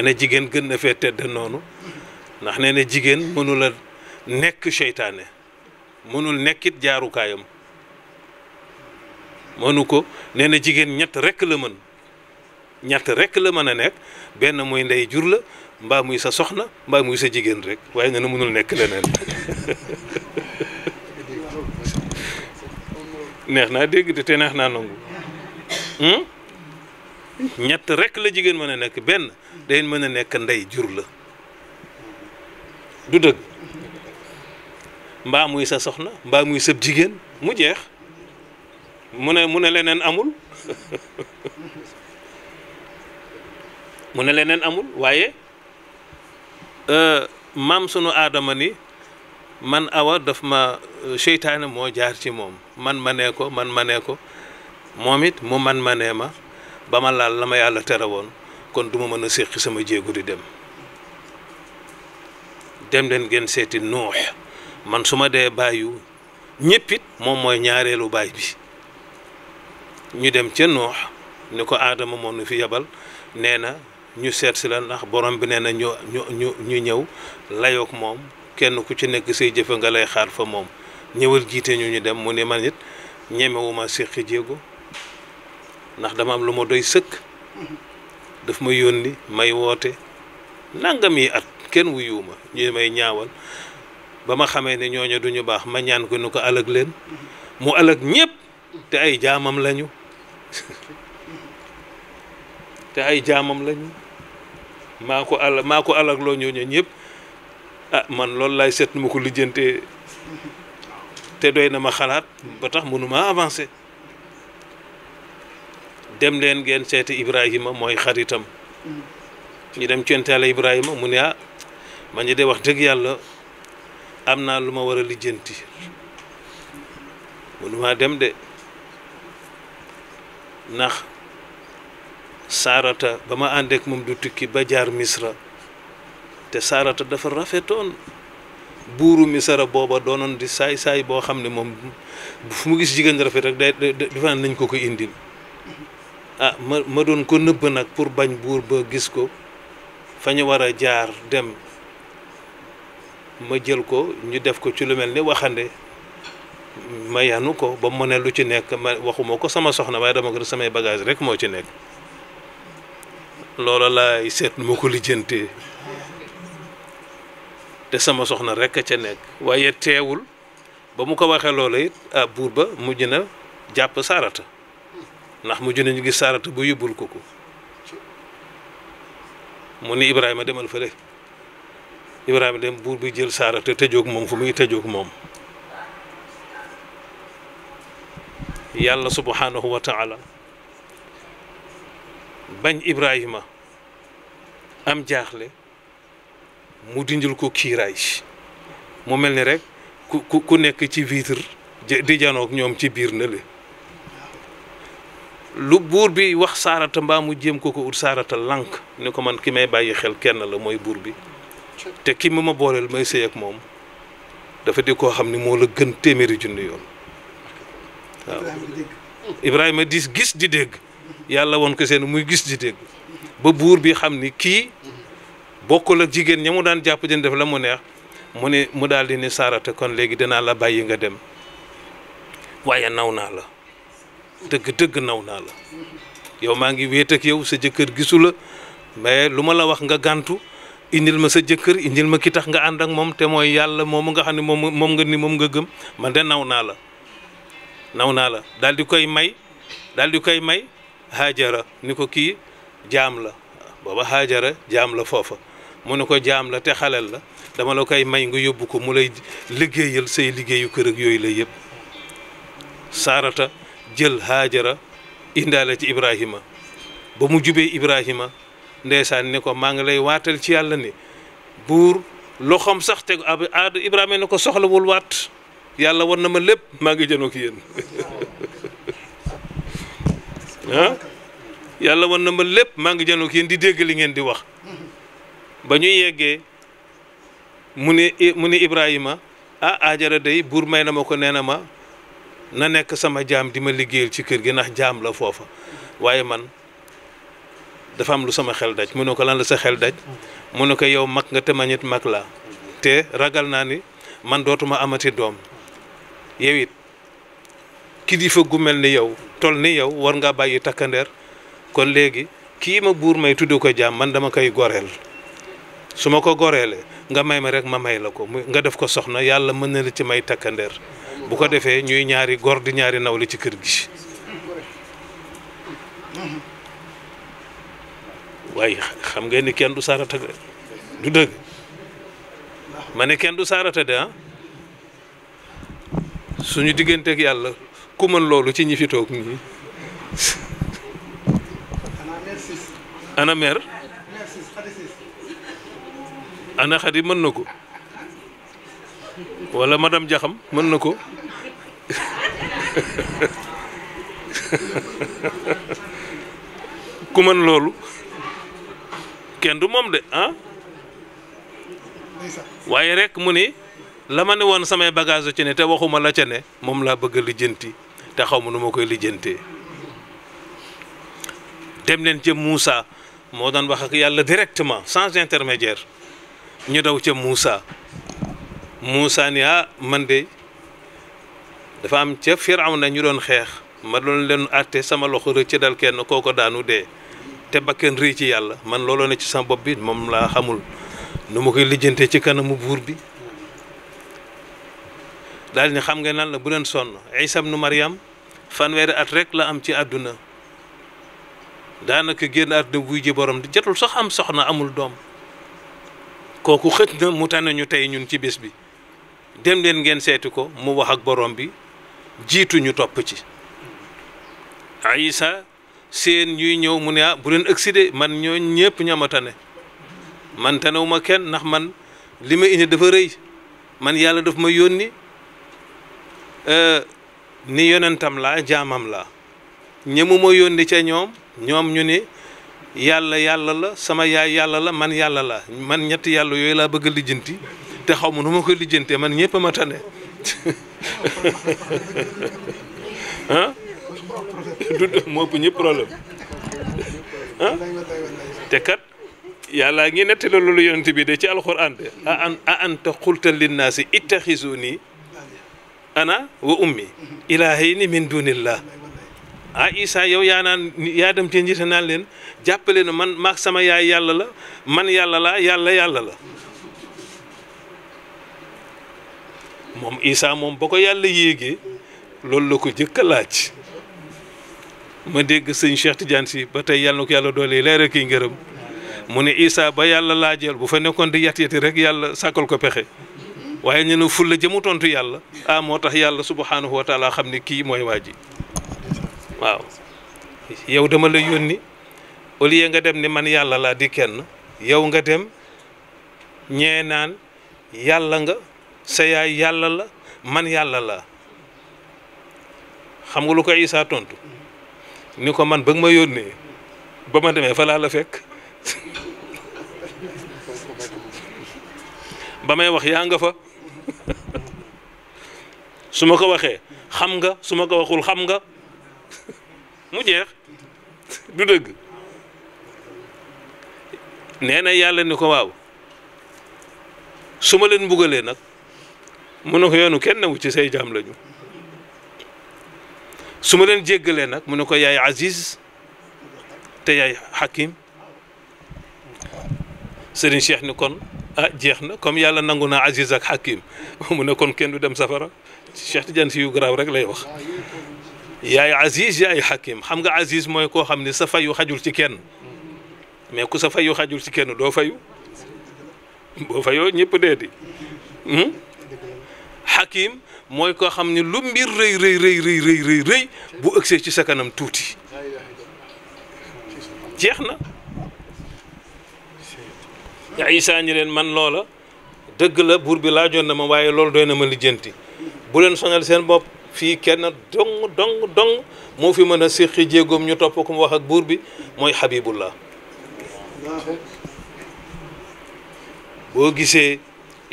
na jigéen gën na fee tedde noonu ndax nee na jigéen mënula nekk seytaane mënul nekkit jaarukaayam mënu ko nee na jigéen ñett rekk la mën ñett rekk la mën a nekk benn muy ndey jur la mbaa muy sa soxna mbaa muy sa jigéen rek waaye nee na mënul nekk leneen [LAUGHS] neex naa dégg te neex naa nangu hmm? ñett rekk la jigéen mën a nekk benn day mën a nekk ndey jur la du dëgg mbaa muy sa soxna mbaa muy sëb jigéen mu jeex mu ne mu ne leneen amul [LAUGHS] mu ne leneen amul waaye euh, maam sunu aadama ni man awa daf ma euh, seytaane moo jaar ci moom man ma ne ko man ma ne ko moom it mu man ma nee ma ba ma laal la ma yàlla tere woon kon du ma mën a séqi sama jéegu di dem dem leen ngeen seeti nuux man su ma dee bàyyu ñéppit moom mooy ñaareelu baay bi ñu dem ca nuux ni ko aadama moo nu fi yabal nee na ñu seet si la ndax borom bi nee na ñu ñu ñu ñu ñëw layook moom kenn ku ci nekk say jëfe nga lay xaar fa moom ñëwal jiite ñu ñu dem mu ne ma nit ñemewuma séqi jéego ndax dama am lu ma doy sëkk daf ma yónni may woote nangam yi at kenn wuyuuma ñu may ñaawal ba ma xamee ne ñooñu duñu baax ma ñaan ko nu ko alag leen mu alag ñépp te ay jaamam lañu [LAUGHS] te ay jaamam lañu maa ko alag maa ko alag loo ñooñu ñépp a ah, man loolu laay seet nu ma ko te doy na ma xalaat ba tax mënuma avancé dem leen geen seeti Ibrahima mooy xaritam ñu dem ci yonent Ibrahima mu ne ah ma ñu de wax dëgg yàlla am na lu ma war a lijjanti ma dem de ndax saarata ba ma àndeek moom du tukki ba jaar Misra te saarata dafa rafetoon buuru Misra booba doonoon di saay-saay boo xam ne moom fu mu gis jigéen rafet rek day dafaan nañ ko ko indil ah ma doon ko nëbb nag pour bañ buur ba gis ko fa ñu war a jaar dem ma jël ko ñu def ko ci lu mel ni waxande ma yanu ko ba mu ne lu ci nekk ma waxuma ko sama soxna waaye dama ko samay bagage rek moo ci nekk loolu laay seet nu ma ko lijjantee te sama soxna rekk a ca nekk waaye teewul ba mu ko waxee loola it ah buur ba mujj na jàpp saarata ndax mujj nañu gis saarata bu yóbbul ko ko mu ni Ibrahima demal fële Ibrahima dem buur bi jël saarata tëjoog moom fu muy tëjoog moom yàlla subhanahu wa bañ Ibrahima am jaaxle. mu dindil ko kiiraay mu mel ni rek ku ku nekk ci vitre di janoog ñoom ci biir na le lu buur bi wax saarata mbaa mu jéem ko ko ut saarata lànk ni ko man ki may bàyyi xel kenn la mooy buur bi te ki ma ma booleel may sëy ak moom dafa di koo xam ni moo la gën téeméeri junni yoon waaw Ibrahima di gis di dégg yàlla woon ko seen muy gis di dégg ba buur bi xam ni kii bokkul ak jigéen ña mu daan jàpp dina def la mu neex mu ne mu daal di ne saarata kon léegi dinaa la bàyyi nga dem waaye naw naa la dëgg dëgg naw naa la yow maa ngi wéet ak yow sa jëkkër gisula la mais lu ma la wax nga gàntu indil ma sa jëkkër indil ma ki tax nga ànd ak moom te mooy yàlla moomu nga xam ne moom moom nga ni moom nga gëm man de naw naa la naw naa la daal di koy may daal di koy may haajara ni ko kii jaam la booba haajara jaam la foofa mu ne ko jaam la te xalel la dama la koy may nga yóbbu ko mu lay liggéeyal say liggéeyu kër ak yooyu la yëpp saarata jël haajara indaale ci ibrahima ba mu jubee ibrahima ndeysaan ne ko maa ngi lay waatal ci yàlla ni buur loxoom sax tegu ab aadu ibrahima ne ko soxlawul waat yàlla war na ma lépp maa ngi jënoo ki yéen [LAUGHS] ah yàlla war na ma lépp maa ngi jënoo ki di dégg li ngeen di wax ba ñu yeggee mu ni mu ni Ibrahima ah Aajara day buur may na ma ko nee na ma na nekk sama jaam di ma liggéeyal ci kër gi ndax jaam la foofa waaye man dafa am lu sama xel daj mu ne ko lan la sa xel daj mu ne ko yow mag nga te mañit mag laa te ragal naa ni man dootuma amati doom yowit kilifa gu mel ni yow tol ni yow war ngaa bàyyi takkandeer kon léegi kii ma buur may tudd ko jaam man dama koy goreel su ma ko goreelee nga may ma rek ma may la ko mu nga def ko soxna yàlla mën na la ci may takkandeer bu ko defee ñuy ñaari gor di ñaari nawle ci kër gi waaye xam nga ni kenn du saarata de du dëgg ma ne kenn du saarata de ah. suñu digganteeg yàlla ku mën loolu ci ñi fi toog nii [LAUGHS] ana mer ana xadi mën na ko walla madam jaxam mën na ko ku mën loolu kenn du moom de ah waaye rek mu ni la ma ne woon samay bagage ci ne te waxuma la ca ne moom laa bëgg a lijjanti te xaw ma nu ma koy lijjante dem neen ci Moussa moo daan wax ak yàlla directement sans intermédiaire ñu daw ca Moussa Moussa ni ah man de dafa am ca na ñu doon xeex ma doon leen àtte sama loxo rëcc dal kenn kooko daanu dee te bakken rëy ci yàlla man looloo ne ci sama bopp bi moom laa xamul nu ma koy lijjante ci kanamu buur bi daal ni xam nga nan la bu leen sonn Isa nu Maryam fanweeri at rek la am ci àdduna daanaka génn àdduna buy ji borom di jotul sax am soxna amul doom kooku xët na mu tànn ñu tey ñun ci bés bi dem leen ngeen seeti ko mu wax ak borom bi jiitu ñu topp ci isa seen ñuy ñëw mu ne ah bu leen accidé man ñoo ñëpp ñooma tane man tanewuma kenn ndax man li ma indi dafa rëy man yàlla daf ma yónni euh, ni yonentam laa jaamam la ñemu ma yónni ca ñoom ñoom ñu ne yàlla yàlla la sama yaay yàlla la man yàlla la man ñetti yàlla yooyu laa bëgg a lijjanti te xaw ma nu ma ko lijjantee man ñëpp a ma tane ah [LAUGHS] du moo ëpp ñëpp problème te kat yàlla ngi nettali loolu yonent bi de ci alxuraan de a an a anta qulta linnaasi ittaxisuuni ana wa ummi ilaahayni min dunillah ah Issa yow yaa naan yaa dem ci njiite naan leen jàppale na man maak sama yaay yàlla la man yàlla laa yàlla yàlla la moom Issa moom ba ko yàlla yéegee loolu la ko jëkk laaj ma dégg sëñ Cheikh Tidiane si ba tey yàlla na ko yàlla doole leeral kii ngërëm mu ne Issa ba yàlla laajal bu fa nekkoon di yat yati rek yàlla sàkkal ko pexe waaye ñu ne la jëmu tontu yàlla ah moo tax yàlla subhanahu wa taala xam ne kii mooy waa ji waaw yow dama la yónni au lieu nga dem ni man yàlla laa di kenn yow nga dem ñee naan yàlla nga sa yaay yàlla la man yàlla laa xam nga lu ko Isaa tontu ni ko man ba ma yónnee ba ma demee fa laa la fekk [LAUGHS] ba may wax yaa nga fa [LAUGHS] su ma ko waxee xam nga su ma ko waxul xam nga mu jeex [LAUGHS] du dëgg nee na yàlla ni ko waaw su ma leen mbugalee nag mu ne ko yeenu kenn newu ci say jaam lañu su ma leen jéggalee nag mu ne ko yaay Aziz te yaay Hakim Serigne Cheikh ni kon ah jeex na comme yàlla nangu naa Aziz ak Hakim [LAUGHS] mu ne kon kenn du dem safara Cheikh Tidiane si yu garaaw rek lay wax. yaay Aziz yaay Hakim xam nga Aziz mooy koo xam ni sa fayu xajul ci kenn mais ku sa fayu xajul ci kenn doo fayu boo fayoo ñëpp dee hmm? Hakim mooy koo xam ni lu mbir rëy rëy rëy rëy rëy rëy bu ëgsee ci sa kanam tuuti jeex na. yaa Isaa leen man loola dëgg la buur bi laajoon na ma waaye loolu doy na ma lijjanti bu leen sonal seen bopp. fii kenn dong dong dong moo fi mën a séqi jéegoom ñu topp ko wax ak buur bi mooy Habibullah boo gisee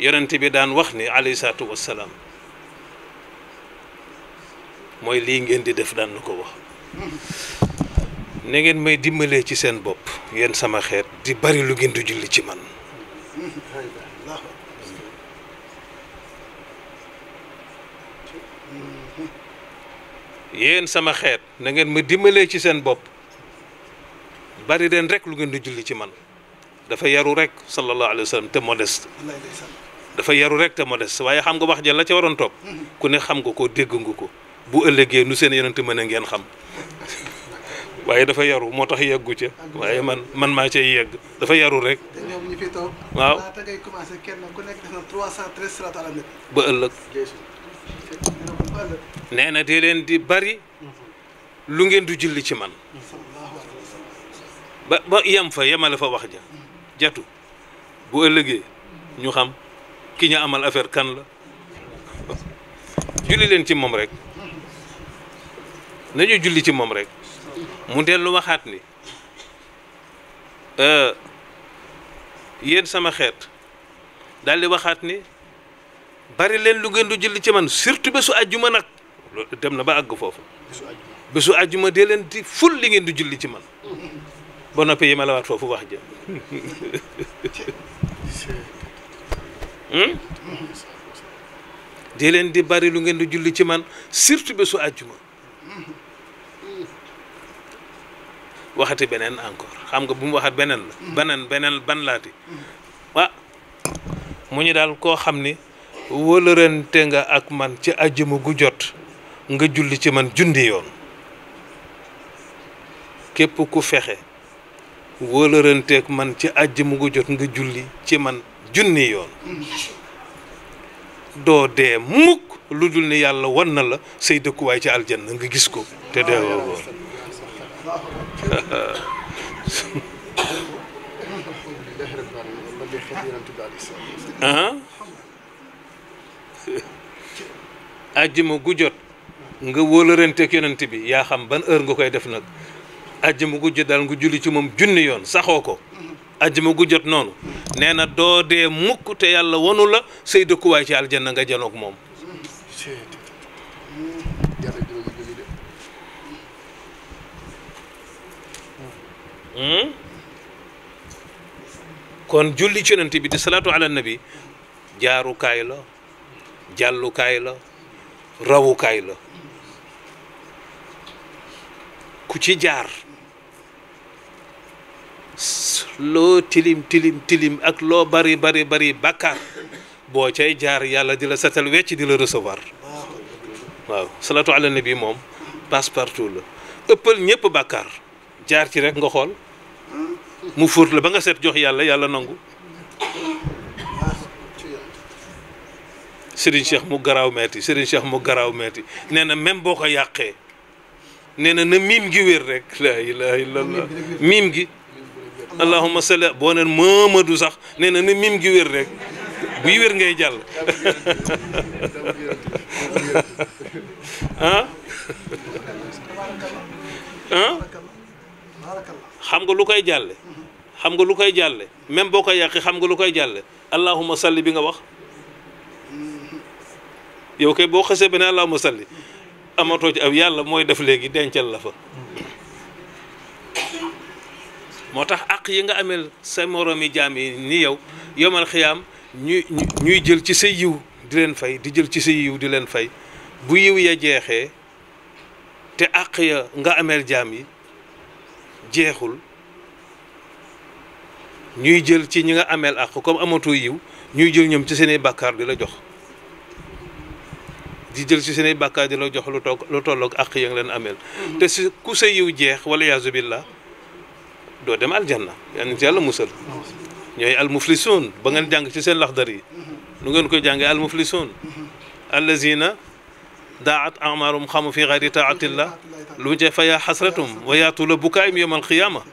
yonent bi daan wax ni alayhi salaatu wassalaam mooy lii ngeen di def daan na ko wax na ngeen may dimbalee ci seen bopp ngeen sama xeet di bari lu ngeen du julli ci man yéen sama xet na ngeen ma dimbalé ci seen bop bari den rek lu ngeen di julli ci man dafa yaru rek sallallahu alaihi wasallam te modeste dafa yaru rek te modeste waye xam nga wax jël la ci waron top ku ne xam nga ko deg nga ko bu ëllëgee nu seen yonent mën a ngeen xam [LAUGHS] waye dafa yaru motax yeggu ci waye man man ma ci yegg dafa yaru rek. ñoom ñu fi toog. waaw laata tagay commencé kenn ku nekk def na 313 salaatu ala nabi ba ëllëg. nee na dee leen di bari lu ngeen du julli ci man ba ba yem fa yemale fa wax ja jatu bu ëllëgee ñu xam ki ñu amal affaire kan la julli leen ci moom rek nañu julli ci moom rek mu dellu waxaat ni euh, yéen sama xeet daldi waxaat ni bari len lu ngeen du julli ci man surtout besu aljuma nak dem na ba ag fofu besu aljuma de len di ful li ngeen du julli ci man fufu noppi yi la wax hmm? de len di bari lu ngeen du julli ci man surtout besu aljuma waxati benen encore xam nga bu mu waxat benen la benen benen ban laati wa mu ñu dal ko xamni wëlërante nga ak man ci ajjuma gu jot nga julli ci man junni yoon képp ku fexe wëlërante ak man ci ajjuma gu jot nga julli ci man junni yoon doo dee mukk lu dul ne yàlla wan na la say dëkkuwaay ci aljanna nga gis ko te deewoo woon ah [LAUGHS] ajjuma gu jot nga wóolarenteeg yonent bi yaa xam ban heure nga koy def nag ajjuma gu jot daal nga julli ci moom junni yoon saxoo ko ajima gu jot noonu nee na doo dee mukk te yàlla wonu la say dëkkuwaay ci aljanna nga janoog moom hmm? kon julli ci yonent bi di salaatu ala nabi jaarukaay la jàllukaay la rawukaay la ku ci jaar loo tilim tilim tilim ak loo bari bari bari bàkkaar boo cay jaar yàlla di la setal wecc di la recevoir waaw salatu ala nabi moom passe partout la ëppal ñëpp bàkkaar jaar ci rek nga xool mu fóot la ba nga set jox yàlla yàlla nangu Serigne seex mu garaaw metti Serigne Cheikh mu garaaw metti nee na même boo ko yàqee nee na miim gi wér rek la ilaha illallah miim gi allahuma salli boo neen Mamadou sax nee na na miim gi wér rek buy wér ngay jàll [LAUGHS] ah? ah xam nga lu koy jàlle xam nga lu koy jàlle même boo ko yàqee xam nga lu koy jàlle allahuma salli bi nga wax yow kay boo xasee ba ne allahumma salli amatoo ci ab yàlla mooy def léegi dencal la fa moo tax àq yi nga ameel sa moroomi jaam yi ni yow yomal xiyaam ñuy jël ci sa yiw di leen fay di jël ci sa yiw di leen fay bu yiw ya jeexee te àq ya nga ameel jaam yi jeexul ñuy jël ci ñi nga ameel àq comme amatoo yiw ñuy jël ñoom ci seeni bàkkaar di la jox di jël ci seen i bàkkaar di la jox lu toog lu tolloog ak ya nga leen ameel mhm. te si ku sa yiw jeex wala yaasu billah doo dem aljanna yal ci musal ñooy almuflisuun ba ngeen jàng ci seen laxdar yi mhm. nu ngeen koy jàngee almuflisuun mhm. allazina daat amaarum xamu fi xayri taatillah lu mu ce fa yaa xasratum wa yaatu la bukaayim yowm alqiyaama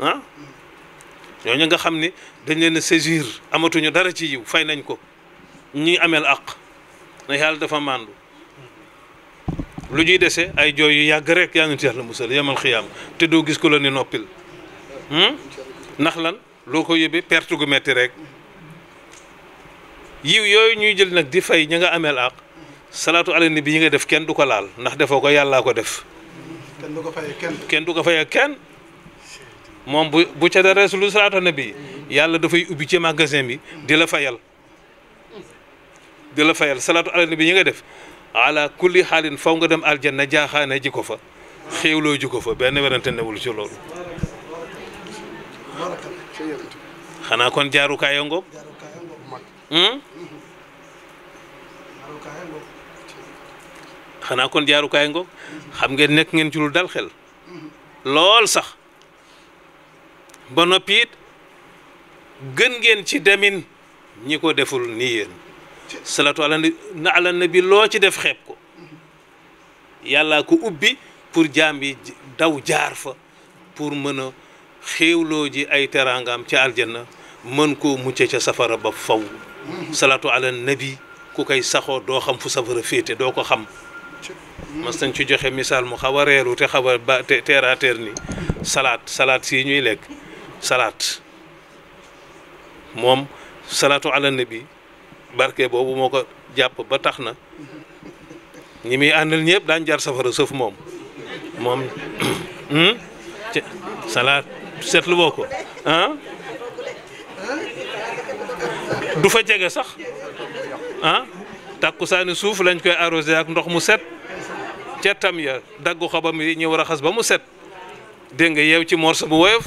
ah ñooñu nga xam ni dañ leen a amatuñu dara ci yiw fay nañ ko ñi ameel àq na yàlla dafa màndu lu ñuy dese ay jooy yu yàgg rek yaa ngi ci yàlla musal yemal xiyaam te doo gis ko la ni noppil hmm? ndax lan loo ko yóbbee perte gu metti rek yiw yooyu ñuy jël nag di fay ña nga amee àq salaatu ala nabi yi nga def kenn du ko laal ndax defoo ko yàllaa ko def. kenn du ko fay kenn kenn du ko fay kenn moom bu bu ca dara lu salaatu ala nabi yàlla dafay ubbi ci magasin bi di la fayal. di la fayal salaatu ala nabi yi nga def ala kulli xaalin faw nga dem aljanna jaaxaane ji ko fa xéewloo ji ko fa benn werante newul ci loolu xanaa kon jaarukaaya ngoog xanaa kon jaarukaaya ngoog xam ngeen nekk ngeen ci lu dal xel lool sax ba noppi it gën ngeen ci demin ñi ko deful nii yéen salaatu ala na loo ci def xeeb ko yàlla ko ubbi pour jaam daw jaar fa pour mën a xéewloo ji ay teraangaam ca aljanna mën koo mucce ca safara ba faw salaatu ala nabi ku koy saxoo doo xam fu safara féete doo ko xam mas nañ ci joxe misaal mu xaw a reeru te xaw a ba salaat salaat si ñuy lekk salaat moom salaatu ala nabi barke boobu moo ko jàpp ba tax na ñi mi àndal ñëpp daañ jaar safara sëf moom moom [CLEARS THROAT] hmm? salaat seetlu boo ko ah du fa jege sax ah tàkkusaani suuf lañ koy arrosé ak ndox mu set ca tam ya daggu xobam yi ñëw raxas ba mu set dégg nga yeew ci morso bu woyof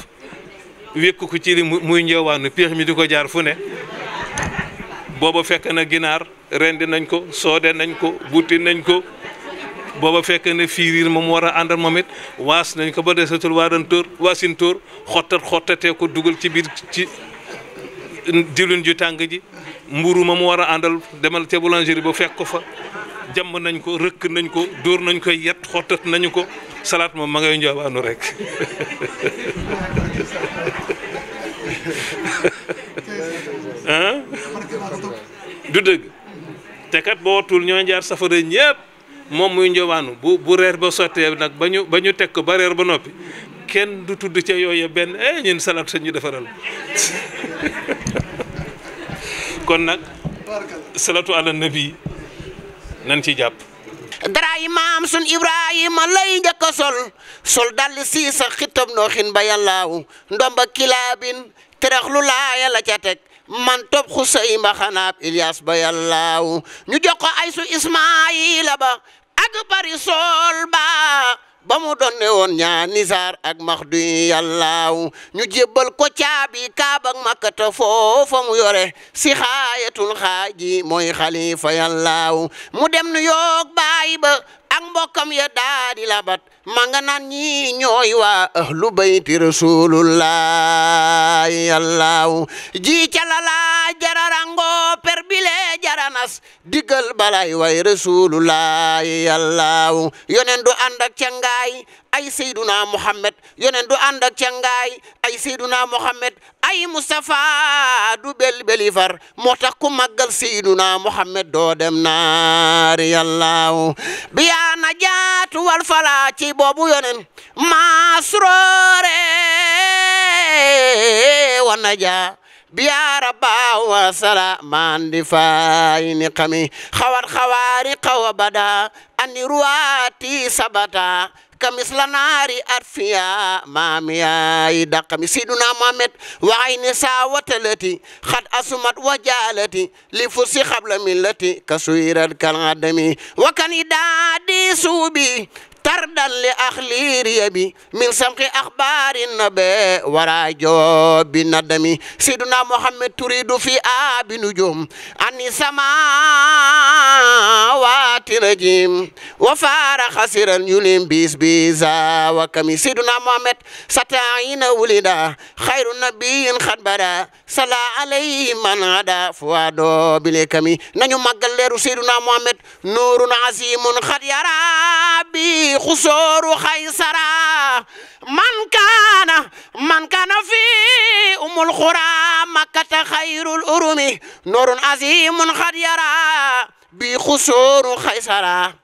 wékk ko ci li muy njëwaanu péex mi di ko jaar fu ne boba fekk na ginar rendi nañ ko soode nañ ko butti nañ ko boba fekk na firir mom wara andal momit was nañ ko ba desatul waran tour wasin tour xottat ko dugul ci bir ci dilun ju tang ji mburu mom wara andal demal ci boulangerie ba fekk ko fa jam nañ ko rek nañ ko dor nañ ko yett xottat nañ ko salat mom ma ngay rek [LAUGHS] du dëgg te kat boo watul ñoo jaar safara ñëpp moom muy njowaanu bu bu reer ba sottee nag ba ñu ba ñu teg ko ba reer ba noppi kenn du tudd ca yooyu benn eh ñun salaat sax defaral [LAUGHS] kon nag salatu ala nabi nan ci jàpp. dara yi sun Ibrahima lay njëkk sol sol dalli sii sa xitam nooxin ba yàllaawu ndomba kilaabin terax lu laaya la ca teg. man tob xusay mbaxanaab Ilyas ba yàllaaw ñu jox ko ay su Ismaayila ba ak bari sool ba ba mu donne woon ñaar nisaar ak maxduy yàllaaw ñu jébbal ko caabi kaabak makkata foofa mu yore si xaayatul xaaji mooy xalifa yàllaaw mu dem nu yoog baay ba ak mbokkam ya daa di labat ma nga naan ñi ñooy waa ahlu bayti rasulullah yallaaw ji calala jararango per bile jaranas diggal balay way rasulullah yallaaw yonen du ànd ak ay sayduna muhammad yonen du ànd ak cangaay ay sayduna muhammad ay Moustapha du bel beli far moo tax ku màggal Seyduna Muhammad doo dem naar yàllaaw biyaa na jaatu wal fala ci boobu yonen masroore wana jaa biya wa sala man di fay ni xami xawat xawaari xawa bada ani ruwaati sabata kamis la naari arfiya maam yaay dàqami siduna Muhammad waxay ni saawatalati xat asumat wajaalati li fursi xabla millati kasuirat kaladami wakan idaadi suubi tardan li axliiriya bi min samqi axbaari nabe wara joobi nadami siduna muhammad turidu fi abi nujum ani samawati rajim wa fara khasiran yulim bis biza wa kami siduna muhammad sataina wulida khairu nabiyyin khadbara sala alayhi man ada fuado bile kami nañu màggal leeru seyduna muhammad nuurun azimun xad yara bi xusooru xaysara man kaana man kaana fi umul xura makkata xayrul urumi nuurun azimun xad yara bi xusooru xaysara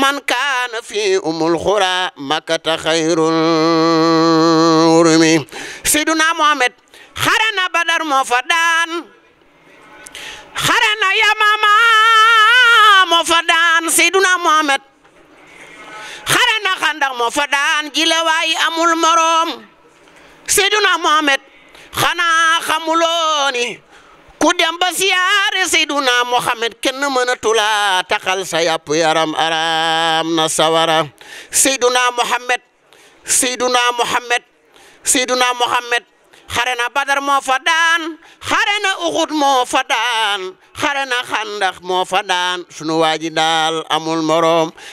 man kaana fi umul xura makkata xayrul urumi seyduna muhammad xarana badar moo fa daan xarana yamama moo fa daan seyduna muhammad xarana xandax moo fa daan jilewaayi amul moroom seyduna muhammad xanaa xamulooni ku dem ba seyduna muhammad kenn mën a tula taxal sa yàpp yaram aram na sawara seyduna muhammad seyduna muhammad seyduna muhammad xare na badar moo fa daan xare na uxut moo fa daan xare na xandax moo fa daan sunu waaji daal amul moroom